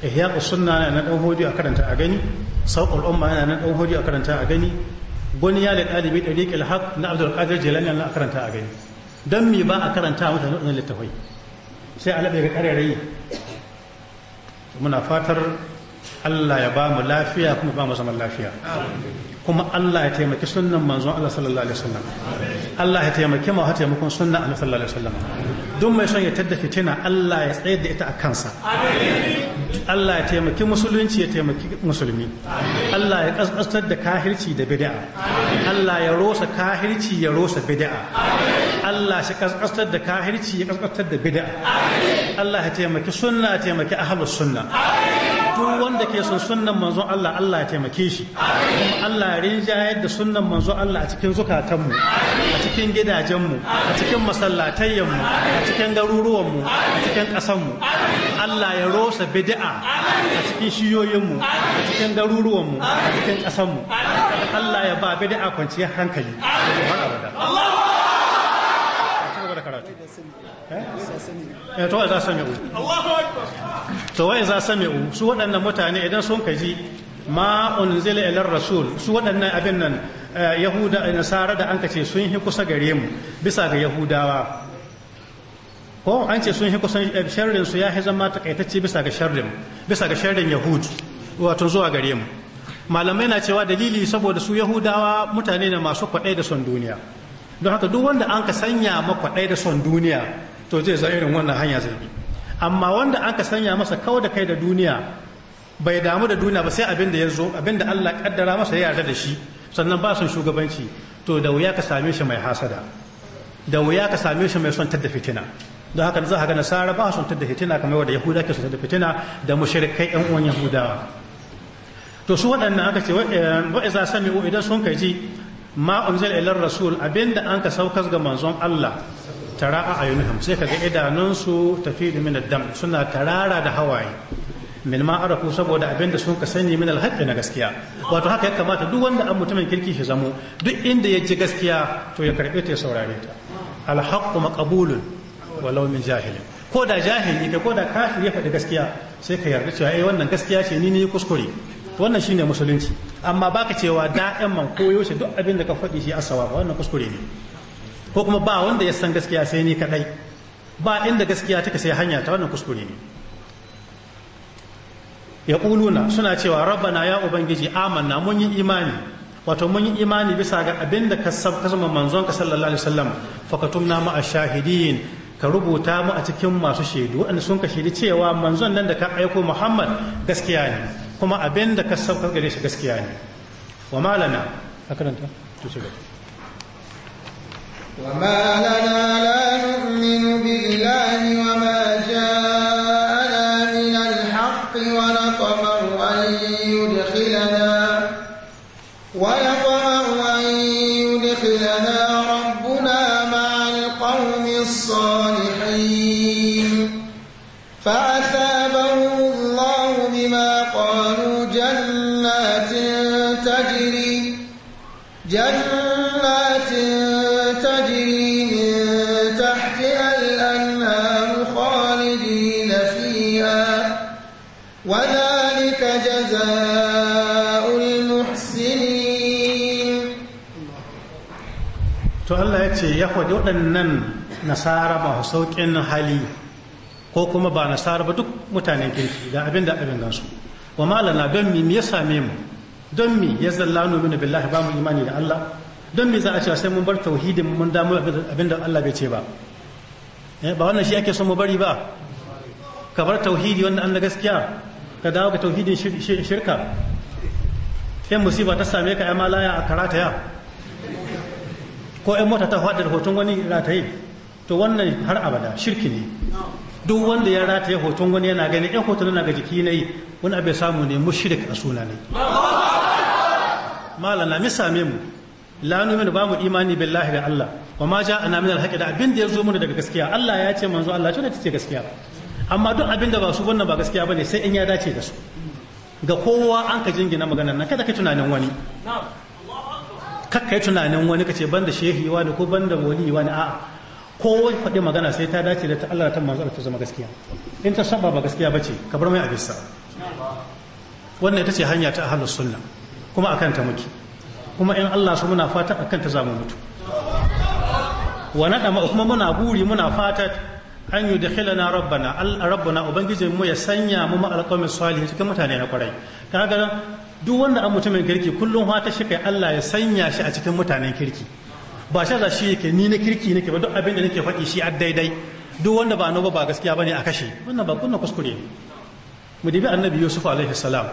ihya sunna na dan hodi a karanta a gani sauƙul umma yana na dan hodi a karanta a gani goni ya da ɗalibi ɗariƙil haq na abdul qadir jilani a karanta a gani dan mi ba a karanta mutane ɗan littafai sai a bai ga ƙarairayi muna fatar Allah ya ba mu lafiya kuma ba mu zaman lafiya kuma Allah ya taimaki sunnan manzon Allah sallallahu alaihi wasallam Allah ya taimaki mu ha taimakon sunnan Allah sallallahu alaihi wasallam duk mai son ya tadda fitina Allah ya tsayar da ita a kansa Allah ya taimaki musulunci ya taimaki musulmi Allah ya kaskastar da kahirci da bid'a Allah ya rosa kahirci ya rosa bid'a Allah ya kaskastar da kahirci ya kaskastar da bid'a Allah ya taimaki sunna ya taimaki ahlus sunna duk wanda ke son sunnan manzon Allah Allah ya taimake shi Allah ya rinjayar da sunnan manzon Allah a cikin zukatanmu a cikin gidajenmu a cikin masallatayyanmu a cikin garuruwanmu a cikin ƙasanmu Allah ya rosa bid'a a cikin shiyoyinmu a cikin garuruwanmu a cikin ƙasanmu Allah ya ba bid'a kwanciyar hankali har abada karatu eh? eh to za su waɗannan mutane idan sun kaji ma unzila ila rasul su waɗannan abin nan eh, yahuda eh, nasara da an kace sun yi kusa gare mu bisa ga yahudawa ko an ce sun yi kusan sharrin su ya zama takaitacce bisa ga sharrin bisa ga sharrin yahud wato zuwa gare mu malamai na cewa dalili saboda su yahudawa mutane ne masu kwaɗai da son duniya don haka duk wanda an ka sanya makwaɗai da son duniya to zai zan irin wannan hanya zai bi amma wanda an ka sanya masa kawo da kai da duniya bai damu da duniya ba sai abin da ya zo abin da Allah kaddara masa ya yarda da shi sannan ba son shugabanci to da wuya ka same shi mai hasada da wuya ka same shi mai son tadda fitina don haka za ka ga nasara ba son tadda fitina kamar wanda yahuda ke son tadda fitina da mushrikai yan uwan yahudawa to su waɗannan aka ce wa'iza eh, sami'u idan sun kai ji ma unzil ilar rasul abinda an ka saukas ga manzon Allah tara a sai kaga idanunsu tafi da min dam suna tarara da hawaye min ma arafu saboda abinda sun ka sani min al-haqqi na gaskiya wato haka ya kamata duk wanda an mutumin kirki shi zamo duk inda ya ji gaskiya to ya karbe ta ya saurare ta al-haqqu maqbulun walau min jahilin ko da jahili ka ko da kafiri ya faɗi gaskiya sai ka yarda cewa eh wannan gaskiya ce ni ne kuskure wannan shine musulunci amma baka cewa da'yan man duk abin da ka faɗi shi asawa wannan kuskure ne ko kuma ba wanda ya san gaskiya sai ni kadai ba inda gaskiya take sai hanya ta wannan kuskure ne ya kuluna suna cewa rabbana ya ubangiji amanna mun yi imani wato mun yi imani bisa ga abin da ka sama manzon ka sallallahu alaihi wasallam fakatumna ma ashahidin ka rubuta mu a cikin masu shaidu wanda sun ka shaidi cewa manzon nan da ka aiko muhammad gaskiya ne kuma abin da ka saukar gare shi gaskiya ne wa malana a karanta to wa malana la nu'minu billahi wa ce ya faɗi waɗannan nasara ba sauƙin hali ko kuma ba nasara ba duk mutanen kirki da abin da abin gansu wa malana don mi ya same mu don mi ya zalla nu min billahi ba mu imani da Allah don mi za a ce sai mun bar tauhidin mun damu abin da Allah bai ce ba eh, ba wannan shi ake son mu bari ba ka bar tauhidi wanda an gaskiya ka dawo ga tauhidin shirka yan musiba ta same ka ya malaya a karata ya ko yan mota ta faɗi hoton wani rataye to wannan har abada shirki ne duk wanda ya rataye hoton wani yana gani yan hoton na ga jiki na yi wani abu samu ne mushrik a suna ne malana mi same mu la nu'minu ba mu imani billahi da Allah wa ma ana min al da abin da zo mana daga gaskiya Allah ya ce manzo Allah ce ce gaskiya amma duk abin da ba su wannan ba gaskiya bane sai in ya dace da su ga kowa an ka jingina maganar nan kada ka tunanin wani kakkai tunanin wani kace da shehi wani ko da wali wani a'a ko wani faɗi magana sai ta dace da ta Allah ta manzo ta zama gaskiya in ta saba ba gaskiya bace ka bar mai abissa wannan ita ce hanya ta ahlus sunna kuma akan ta muke kuma in Allah su muna fata akan ta zama mutu wa nadama kuma muna buri muna fata an yudkhilana rabbana al rabbana ubangijin mu ya sanya mu ma alqawmi salihin cikin mutane na kwarai kaga duk wanda an mutumin kirki kullum hata shi kai Allah ya sanya shi a cikin mutanen kirki ba sha za shi yake ni na kirki nake ba duk abin da nake faɗi shi a daidai duk wanda ba noba ba gaskiya bane a kashe wannan ba kunna kuskure mu dibi annabi yusuf alaihi salam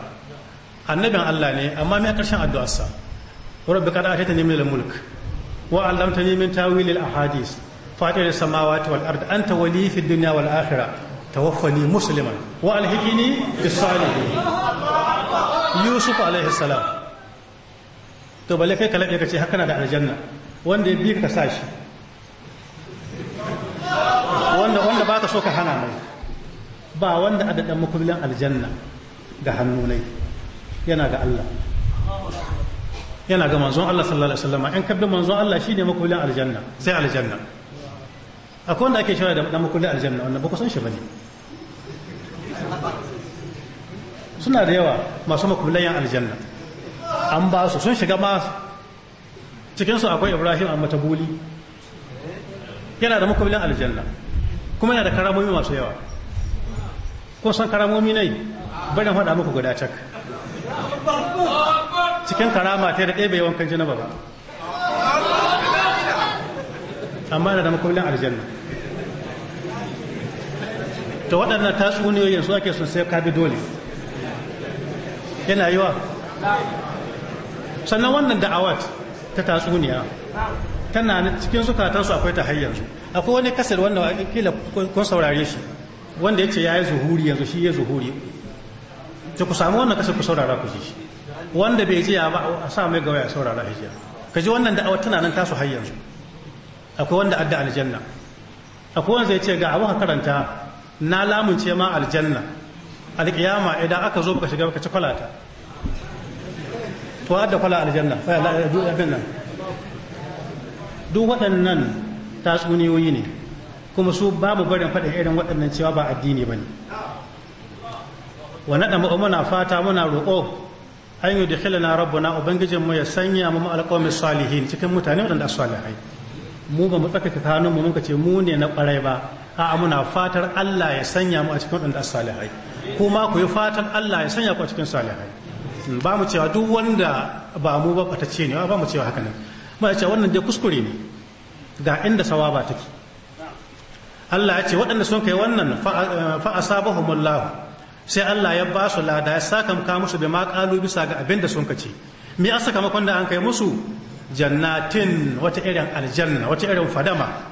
annabin Allah ne amma me karshen sa rabbi qad ataytani min al-mulk wa 'allamtani min tawil al-ahadith fatir as-samawati wal ard anta wali fi dunya wal akhirah tawaffani musliman wa alhiqni bis-salihin yusuf alaihi salam to balle kai kalabe ka ce haka na da aljanna wanda ya bi ka sa shi wanda wanda baka so ka hana mai ba wanda a daɗan makullin aljanna ga hannunai yana ga Allah yana ga manzon Allah sallallahu alaihi wasallam in kabbi manzon Allah shine makullin aljanna sai aljanna akwai wanda ake shawara da makullin aljanna wannan ba ku san shi bane suna da yawa masu makullayan aljanna an ba su sun shiga masu cikinsu akwai ibrahim a matabuli yana da makullayan aljanna kuma yana da karamomi masu yawa kun san karamomi ne bari na faɗa muku guda cak cikin karama ta da ɗaya bai kanji na ba amma yana da makullayan aljanna ta waɗannan tatsuniyoyin su ake sun sai ka bi dole yana yiwa sannan wannan da'awat ta tatsuniya tana cikin zukatansu akwai ta har akwai wani kasar wanda kila kun saurare shi wanda ya ce ya yi zuhuri yanzu shi ya zuhuri ta ku samu wannan kasar ku saurara ku shi wanda bai ji ba a sa mai ya saurara hijiya ka ji wannan da'awar tana nan tasu har yanzu akwai wanda adda aljanna akwai wanda zai ce ga abu ka karanta na lamunce ma aljanna alƙiyama idan aka zo ka shiga ka ci kwalata to adda kwala aljanna fa la abin nan duk waɗannan tatsuniyoyi ne kuma su ba mu barin faɗin irin waɗannan cewa ba addini ba ne wa naɗa muna fata muna roƙo an yi dukkan na ubangijin mu ya sanya mu alƙawar salihin cikin mutane waɗanda salihai mu ba mu tsakaka mu muka ce mu ne na ƙwarai ba a'a muna fatar allah ya sanya mu a cikin waɗanda salihai kuma ku yi fatan Allah ya sanya ku a cikin salihai hmm, ba mu cewa duk wanda ba mu ba ce ne ba mu cewa haka nan ya ce wannan dai kuskure ne ga inda sawaba take Allah ya ce waɗanda sun kai wannan fa eh, asabahumullahu sai Allah ya ba su lada ya saka ka musu bi ma kalu bisa ga abin da sun kace me saka sakamakon da an kai musu jannatin wata irin aljanna wata irin fadama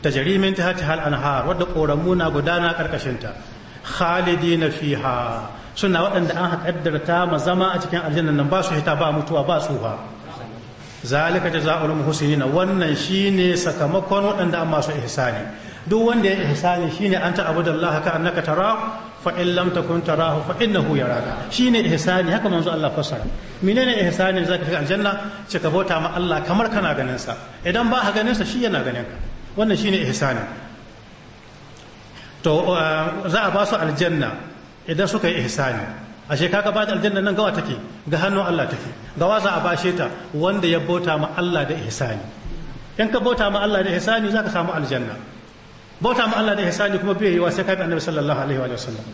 ta jarimin ta anhar wadda koramu na gudana karkashin ta khalidina fiha suna waɗanda an haƙaddarta ma zama a cikin aljannan nan ba su hita ba mutuwa ba tsufa zalika jazaa'ul muhsinina wannan shine sakamakon waɗanda an masu ihsani duk wanda ya ihsani shine an ta abu dallahi ka annaka tara fa in lam takun tarahu fa innahu yaraka shine ihsani haka manzo Allah fassara menene ihsani zaka shiga aljanna ce ka bauta ma Allah kamar kana ganin sa idan ba ka ganin sa shi yana ganin ka wannan shine ihsani to uh, za a ba su aljanna idan suka yi ihsani a shekara ba da aljanna nan gawa take ga hannun Allah take gawa za a bashe ta wanda ya bauta ma Allah da ihsani in ka bauta ma Allah da ihsani za ka samu aljanna bauta ma Allah da ihsani kuma bai yiwa sai ka bi annabi sallallahu alaihi wa sallam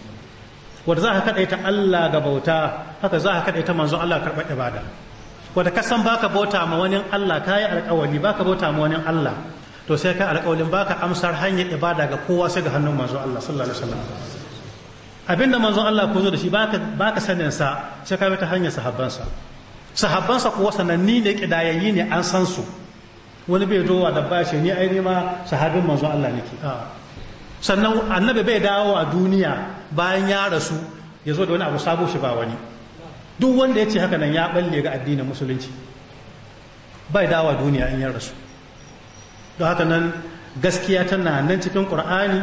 wanda za ka kadaita Allah ga bauta haka za ka kadaita manzon Allah karɓar ibada wanda ka san baka bauta ma wani Allah kayi alƙawari baka bauta ma wani Allah to sai ka alƙawalin baka amsar hanyar ibada ga kowa sai ga hannun manzon Allah sallallahu alaihi wasallam abinda manzon Allah ko zo da shi baka baka sanin sa sai ka ta hanyar sahabbansa sahabbansa kuwa sananni ne kidayayi ne an san su wani bai dowa da bashi ni ai ma sahabin manzon Allah nake sannan annabi bai dawo a duniya bayan ya rasu ya zo da wani abu sabo shi ba wani duk wanda ya ce haka ya balle ga addinin musulunci bai dawo a duniya in ya rasu don haka nan gaskiya tana nan cikin qur'ani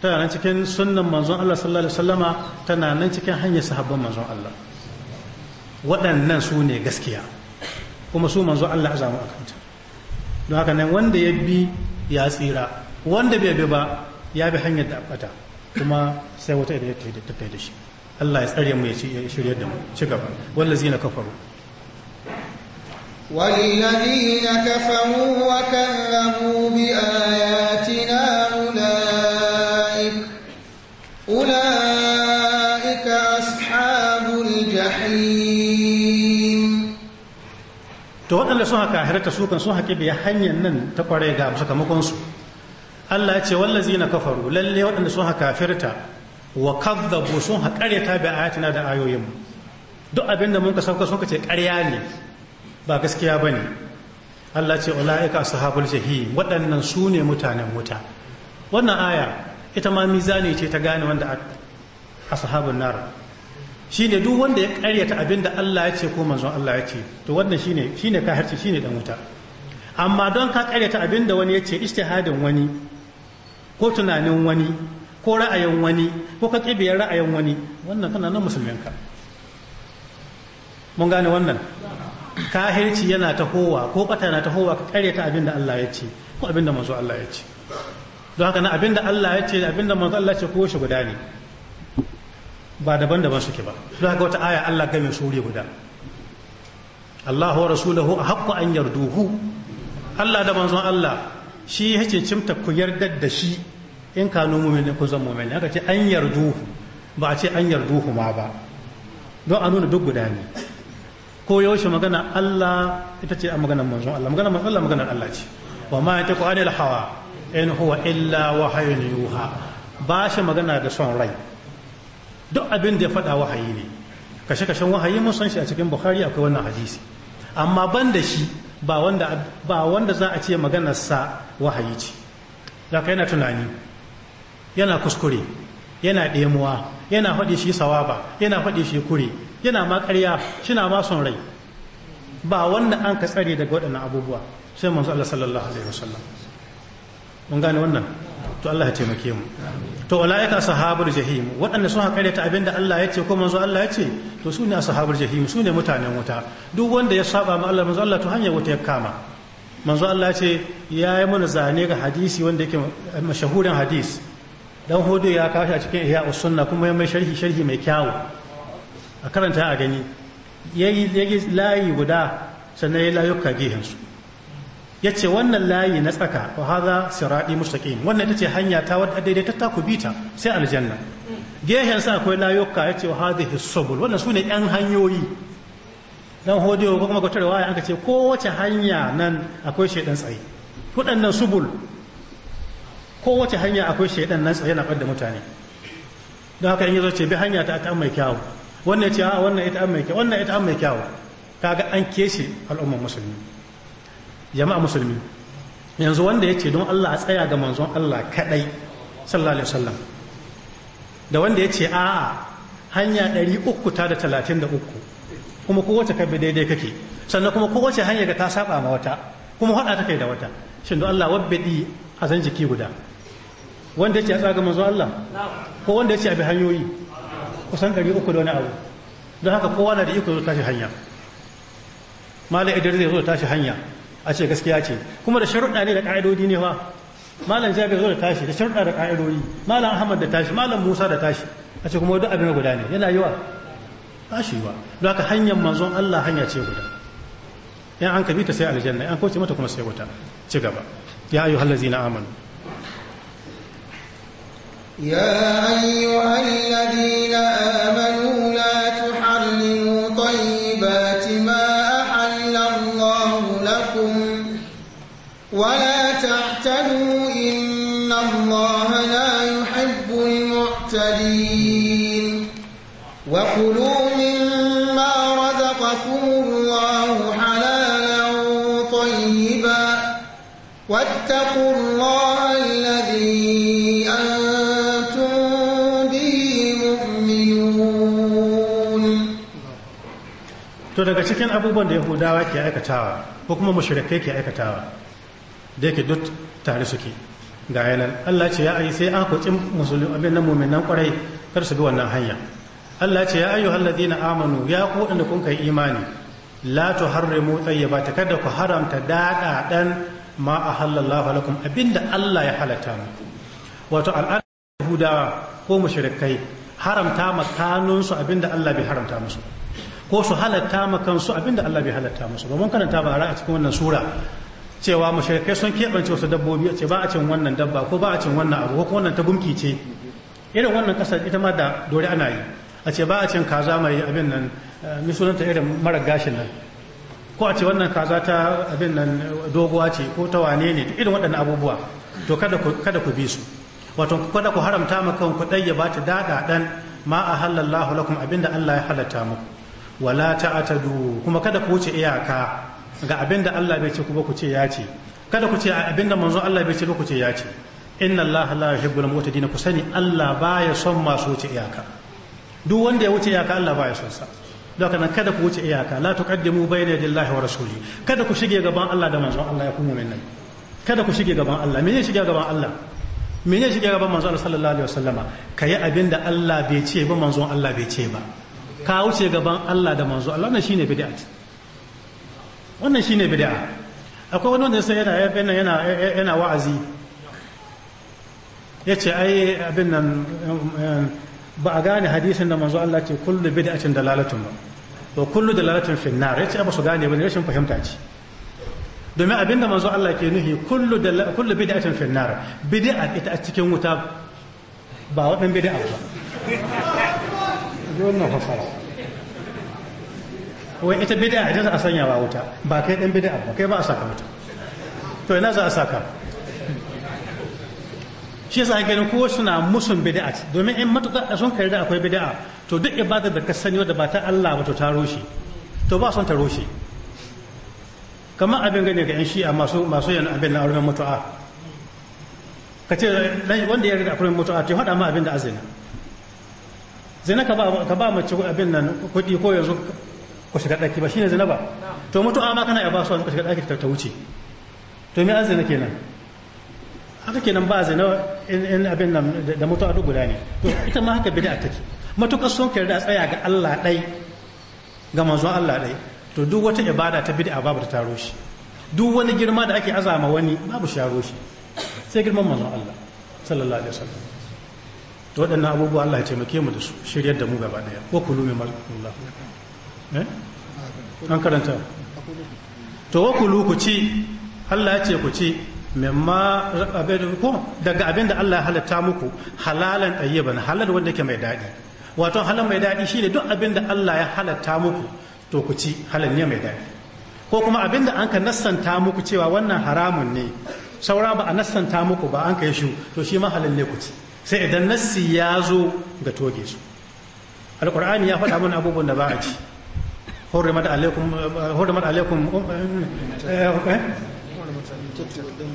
tana nan cikin sunan manzon Allah sallallahu alaihi wasallama tana nan cikin hanyar sahabban manzon Allah waɗannan su ne gaskiya kuma su manzon Allah a zamu akanta don haka nan wanda ya bi ya tsira wanda bai bi ba ya bi hanyar da ɓata kuma sai wata da ta kai da shi Allah ya tsare mu ya shirya da mu ci gaba wallazina kafaru والذين كفروا وكذبوا بآياتنا أولئك أولئك أصحاب الجحيم to waɗanda sun haka ahirata su kan sun haƙi biya hanyar nan ta kwarai ga sakamakon su. Allah ya ce wallazi na kafaru lalle waɗanda sun haka firta wa kazzabu sun haƙareta bi ayatina da ayoyinmu duk abinda mun ka sauka sun ka ce ƙarya ne ba gaskiya ba ne allah ce ula'ika haɓar jahim waɗannan su ne mutanen wuta wannan aya ita ma ne ce ta gane wanda ashabun nar ne duk wanda ya karyata abinda allah ya ce ko manzon allah ya ce to wannan shi ne ka shine shi ne dan wuta amma don ka karyata abinda wani ya ce ishtihadin wani ko tunanin wani ko ra'ayin wani ko ka kibiyar ra'ayin wani wannan kana nan musulminka mun gane wannan kahirci yana tahowa ko bata na tahowa ka kare ta abinda Allah ya ce ko abinda da manzo Allah ya ce don haka na abinda Allah ya ce abinda da manzo Allah ya ce ko shi guda ne ba daban-daban suke ba don haka wata aya Allah game sure guda Allahu wa rasuluhu haqqu an yarduhu Allah da manzon Allah shi yake cimta ku yarda da shi in kanu mai ku zan mu'mini aka ce an yarduhu ba a ce an yarduhu ma ba don a nuna duk guda ne ko yaushe magana Allah ita ce a maganar manzon Allah maganar manzon Allah maganar Allah ce wa ma ta ku anil hawa in huwa illa wahayun yuha ba shi magana da son rai duk abin da ya faɗa wahayi ne kashe kashen wahayi mun san shi a cikin Bukhari akwai wannan hadisi amma ban da shi ba wanda ba wanda za a ce maganar sa wahayi ce da kai yana tunani yana kuskure yana ɗemuwa yana faɗi shi sawaba yana faɗi shi kure yana ma shi na ma son rai ba wanda an ka tsare daga waɗannan abubuwa sai manzo Allah sallallahu alaihi wasallam mun gane wannan to Allah ya taimake mu to ka ashabul jahim waɗanda suka ta abinda Allah ya ce ko manzo Allah ya ce to su ne ashabul jahim su ne mutanen wuta duk wanda ya saba ma Allah manzo Allah to hanyar wuta ya kama manzo Allah ya ce ya yi mana zane ga hadisi wanda yake mashahurin hadis dan hudu ya kawo a cikin ihya sunna kuma ya mai sharhi sharhi mai kyawu a karanta a gani ya yi layi guda sannan ya yi layuka gehensu ya ce wannan layi na tsaka wa haza siraɗi mustaƙin wannan ita ce hanya ta wadda daidai ta ku bita sai aljanna gehensa akwai layuka ya ce wa haza hisobul wannan su ne ‘yan hanyoyi dan hodiyo ko kuma kwatar waya an ka ce kowace hanya nan akwai shaidan tsaye waɗannan subul kowace hanya akwai shaidan nan tsaye na da mutane don haka in yi zo ce bi hanya ta ta mai kyawu wannan ce a ah, wannan ita an mai kyau wannan ita an mai kyau kaga an keshe al'ummar musulmi jama'a musulmi yanzu wanda ya ce don Allah a tsaya ga manzon Allah kadai sallallahu alaihi wasallam da wanda ya ce a'a hanya 333 kuma kowace kabe daidai kake sannan kuma kowace hanya ga ta saba ma wata kuma hada ta kai da wata shin don Allah wabbadi a zan jiki guda wanda ya ce a tsaga manzon Allah ko wanda ya ce a bi hanyoyi kusan uku da wani abu don haka kowa na da iko zo tashi hanya malam idris zai zo tashi hanya a ce gaskiya ce kuma da sharuɗa ne da ƙa'idodi ne fa malam jabir zo da tashi da sharuɗa da ƙa'idodi malam ahmad da tashi malam musa da tashi a ce kuma duk abin guda ne yana yiwa tashi yiwa don haka hanyar manzon allah hanya ce guda in an kabi ta sai aljanna in an kauce mata kuma sai wuta ci gaba ya ayyuhallazina amanu يا أيها الذين آمنوا لا تحرموا طيبات ما أحل الله لكم ولا تعتدوا إن الله لا يحب المعتدين وكلوا مما رزقكم الله حلالا طيبا واتقوا الله الذي to daga cikin abubuwan da yahudawa ke aikatawa ko kuma mushrikai ke aikatawa da yake duk tare suke ga yanan Allah ce ya ayi sai an kwaci musulmi abin nan mu'minan kwarai kar su bi wannan hanya Allah ce ya ayyuhal na amanu ya ko inda kun kai imani la tuharrimu ta kada ku haramta dada dan ma ahallallahu lakum abinda Allah ya halatta muku wato al'ada yahudawa ko mushrikai haramta makanunsu abinda Allah bai haramta musu ko su halatta makansu abinda Allah bai halatta musu ba mun karanta ba a cikin wannan sura cewa mushrikai sun keɓance wasu dabbobi a ce ba a cin wannan dabba ko ba a cin wannan abu ko wannan ta gumki ce irin wannan kasar ita ma da dore ana yi a ce ba a cin kaza mai abin nan eh, mi sunanta irin mara gashin nan ko a ce wannan kaza ta abin nan eh, doguwa ce ko ta wane ne irin waɗannan abubuwa to kada ku bi su wato kada ku haramta ma kanku ɗaya ba ta daɗa ɗan ma a halallahu lakum abinda Allah ya halatta muku wala ta'tadu kuma kada ku wuce iyaka ga abinda Allah bai ce ku ba ku ce ya ce kada ku ce abinda manzon Allah bai ce ba ku ce ya ce inna Allah la al-mutadina ku sani Allah baya son masu wuce iyaka duk wanda ya wuce iyaka Allah baya son sa don haka kada ku wuce iyaka la tuqaddimu bayna lillahi wa rasuli kada ku shige gaban Allah da manzon Allah ya kuma mu'min nan kada ku shige gaban Allah menene shige gaban Allah menene shige gaban manzon Allah sallallahu alaihi wasallama kayi abinda Allah bai ce ba manzon Allah bai ce ba ka wuce gaban Allah da manzo Allah wannan shine bid'a wannan shine bid'a akwai wani wanda sai yana yana yana wa'azi yace ai abin nan ba a gane hadisin da manzo Allah ce kullu bid'atin dalalatun ba wa kullu dalalatin fi nar yace ba su gane ba ne rashin fahimta ce domin abin da manzo Allah ke nuhi kullu kullu bid'atin fi nar bid'a ita a cikin wuta ba wadan bid'a ba wannan fasara wai ita bid'a a za a sanya wa wuta ba kai ɗin bid'a ba kai ba a saka wuta to ina za a saka shi yasa hankali ganin kowa suna musun bid'a domin in matuƙa sun kai da akwai bid'a to duk ibadar da ka sani wadda ba ta Allah ba to ta roshe to ba son ta roshe kamar abin gani ga yan shi'a masu masu yana abin na auren mutu'a ka ce wanda ya riga akwai mutu'a ce hada ma abin da azina zina ka ba mace abin nan kuɗi ko yanzu ku shiga ɗaki ba shine zina ba to mutu ma kana ya ba su ka shiga ɗaki ta wuce to me an zina kenan haka kenan ba zina in abin nan da mutu adu guda ne to ita ma haka bid'a take matukar sun kai da tsaya ga Allah ɗai ga manzon Allah ɗai to duk wata ibada ta bid'a babu ta taro shi duk wani girma da ake azama wani babu sharo shi sai girman manzon Allah sallallahu alaihi wasallam to waɗannan abubuwa Allah ya taimake mu da su shiryar da mu gaba ɗaya ko kulu mai eh an karanta to wa kulu ku ci Allah ya ce ku ci memma ko daga abin da Allah ya halatta muku halalan ɗayyaban halal wanda ke mai daɗi wato halal mai daɗi shine duk abin da Allah ya halatta muku to ku ci halal ne mai daɗi ko kuma abin da an ka nassanta muku cewa wannan haramun ne saura ba a nassanta muku ba an ka yi shu to shi ma halal ne ku ci sai idan nassi ya zo ga toge su alkur'ani ya faɗa mana abubuwan da ba a ci hurrimat alaikum hurrimat eh, eh,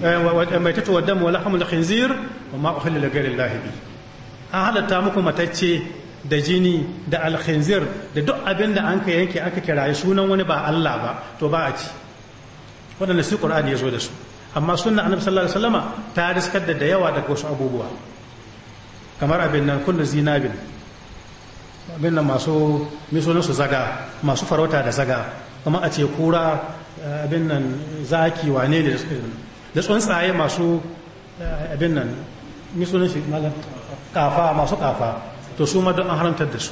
eh, mai wa khinzir wa ma li llahi an halatta muku matacce da jini da alkhinzir da duk abin da an ka yanke aka kiraye sunan wani ba Allah ba to ba a ci waɗanda su ya zo da su amma sunna annabi sallallahu alaihi ta riskar da yawa daga wasu abubuwa kamar abin nan kullum zinabin abin nan masu misunan su zaga masu farauta da zaga kuma a ce kura eh, abin nan zaki wane ne da tsuntsaye masu eh, abin nan misunan shi kafa masu kafa to su ma don an haramtar da su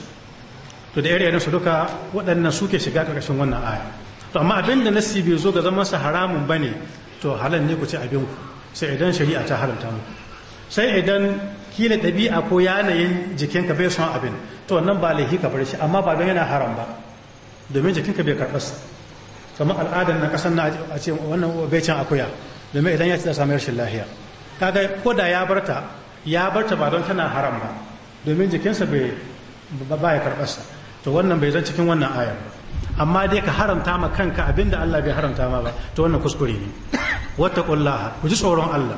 to da yare su duka waɗannan suke shiga ƙarƙashin wannan aya to amma abin da nasi bai zo ga zaman su haramun bane to halal ne ku ci abin ku sai idan shari'a ta haramta mu sai idan kila ɗabi'a ko yanayin jikinka bai son abin to wannan ba laifi ka bar shi amma ba don yana haram ba domin jikinka bai karɓar sa kamar al'adar na ƙasar na a ce wannan bai can akuya domin idan ya ci da samun rashin lahiya kaga ko da ya barta ya barta ba don tana haram ba domin jikinsa bai ba ya karɓar sa to wannan bai zan cikin wannan ayar ba amma dai ka haramta ma kanka abinda Allah bai haramta ma ba to wannan kuskure ne wata ƙullaha ku ji tsoron Allah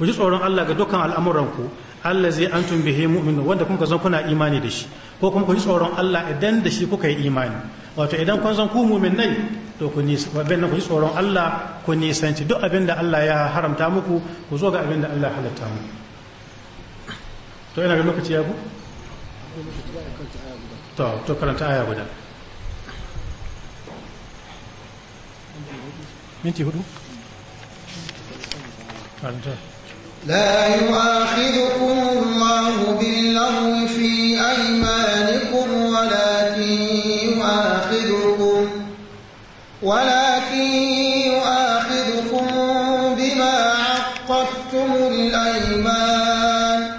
ku ji tsoron Allah ga dukkan al'amuranku Allah allazi antum bihi mu'minu wanda kun zan kuna imani da shi ko kuma kun ji tsoron Allah idan da shi kuka yi imani wato idan kun zan ku mu'min nai to ku nisa babban ku ji tsoron Allah ku nisanci duk abin da Allah ya haramta muku ku zo ga abin da Allah ya halatta muku to ina ga lokaci ya bu to to karanta aya guda minti hudu karanta لا يؤاخذكم الله باللغو في أيمانكم ولكن يؤاخذكم ولكن يؤاخذكم بما عقدتم الأيمان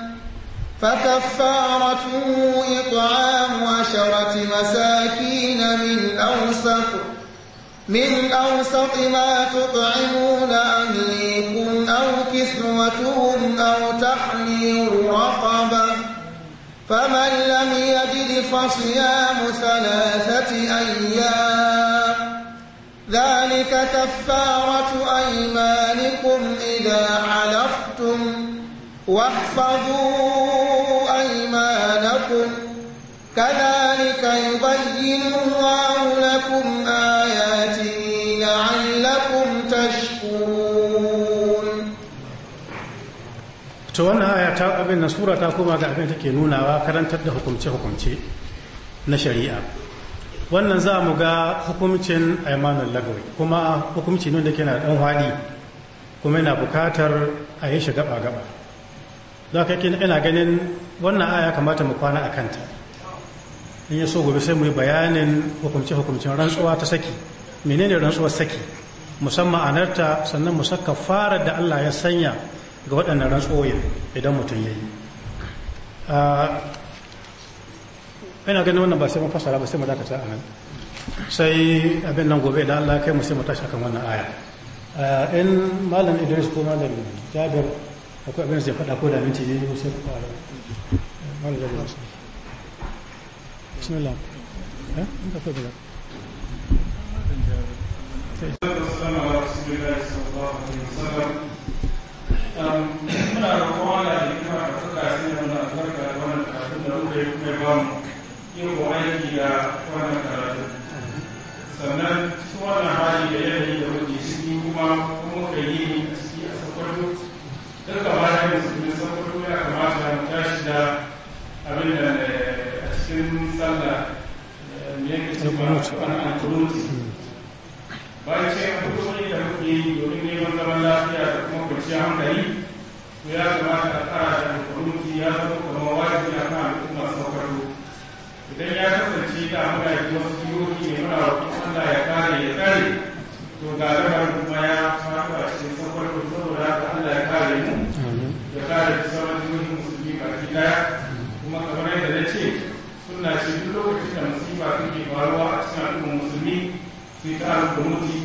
فكفارته إطعام عشرة مساكين من أوسط من أوسط ما تطعمون أهليكم كسوتهم أو تحليل رقبة فمن لم يجد فصيام ثلاثة أيام ذلك كفارة أيمانكم إذا حلفتم واحفظوا أيمانكم كذلك يبين الله لكم آياته لعلكم تشكرون to wannan aya ta abin na sura ta koma ga abin take nunawa karantar da hukumce-hukumce na shari'a wannan za mu ga hukumcin aimanul lagawi kuma hukumci ne da ke na dan hadi kuma yana bukatar a yi shi gaba-gaba za ka ina ganin wannan aya kamata mu kwana a kanta in ya so gobe sai mu yi bayanin hukumce hukumcin rantsuwa ta saki menene rantsuwar saki musamman anarta sannan mu saka fara da allah ya sanya ga waɗannan rantsoyin idan mutum ya yi ina ganin wannan ba sai mun fasara ba sai mu dakata a nan sai abin nan gobe idan Allah kai mu sai mu tashi akan wannan aya in malam Idris ko malam Jabir akwai abin zai faɗa ko da minti ne mu sai fara malam Jabir bismillah eh inda ko bila السماوات بسم الله الرحمن الرحيم Um, muna roƙon wani da kuma da suka sai da muna da sannan cikin wannan hali da yanayi da muke ciki kuma kuma yi a ciki a bayan musulmi kamata mu da abin da eh, a cikin sallah eh, da a domin neman zaman lafiya da kuma kwanciyar hankali to ya kamata a tsara da alƙunuti ya zama kamar wajibi a kan al'umma saukaro idan ya kasance da muna yi wasu jihohi ne muna roƙon Allah ya kare ya kare to ga gabar kuma ya faɗa cikin saukaro saboda haka Allah ya kare mu ya kare sauran jihohin musulmi baki ɗaya kuma kamar yadda na ce suna ce duk lokacin da musiba take faruwa a cikin al'umma musulmi sai ta alƙunuti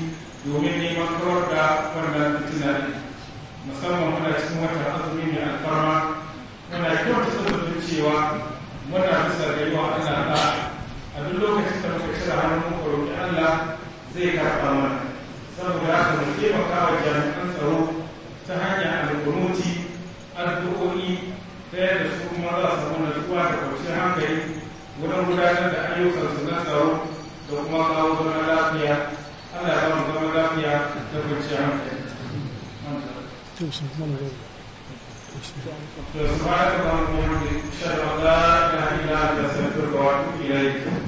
domin neman kawar da wannan fitina musamman muna cikin watan azumi mai alfarma muna kyau da cewa muna bisa ga yi wa ba a duk lokacin da muka da hannun muka roƙi Allah zai karɓa mana saboda haka mu taimaka wa jami'an tsaro ta hanyar alƙunuti addu'o'i ta yadda su kuma za su zama natsuwa da kwanciyar hankali wurin gudanar da su na tsaro da kuma kawo zaman lafiya Allah ya ba mu zaman lafiya da kwanciyar hankali Deus vamos chamar a realidade da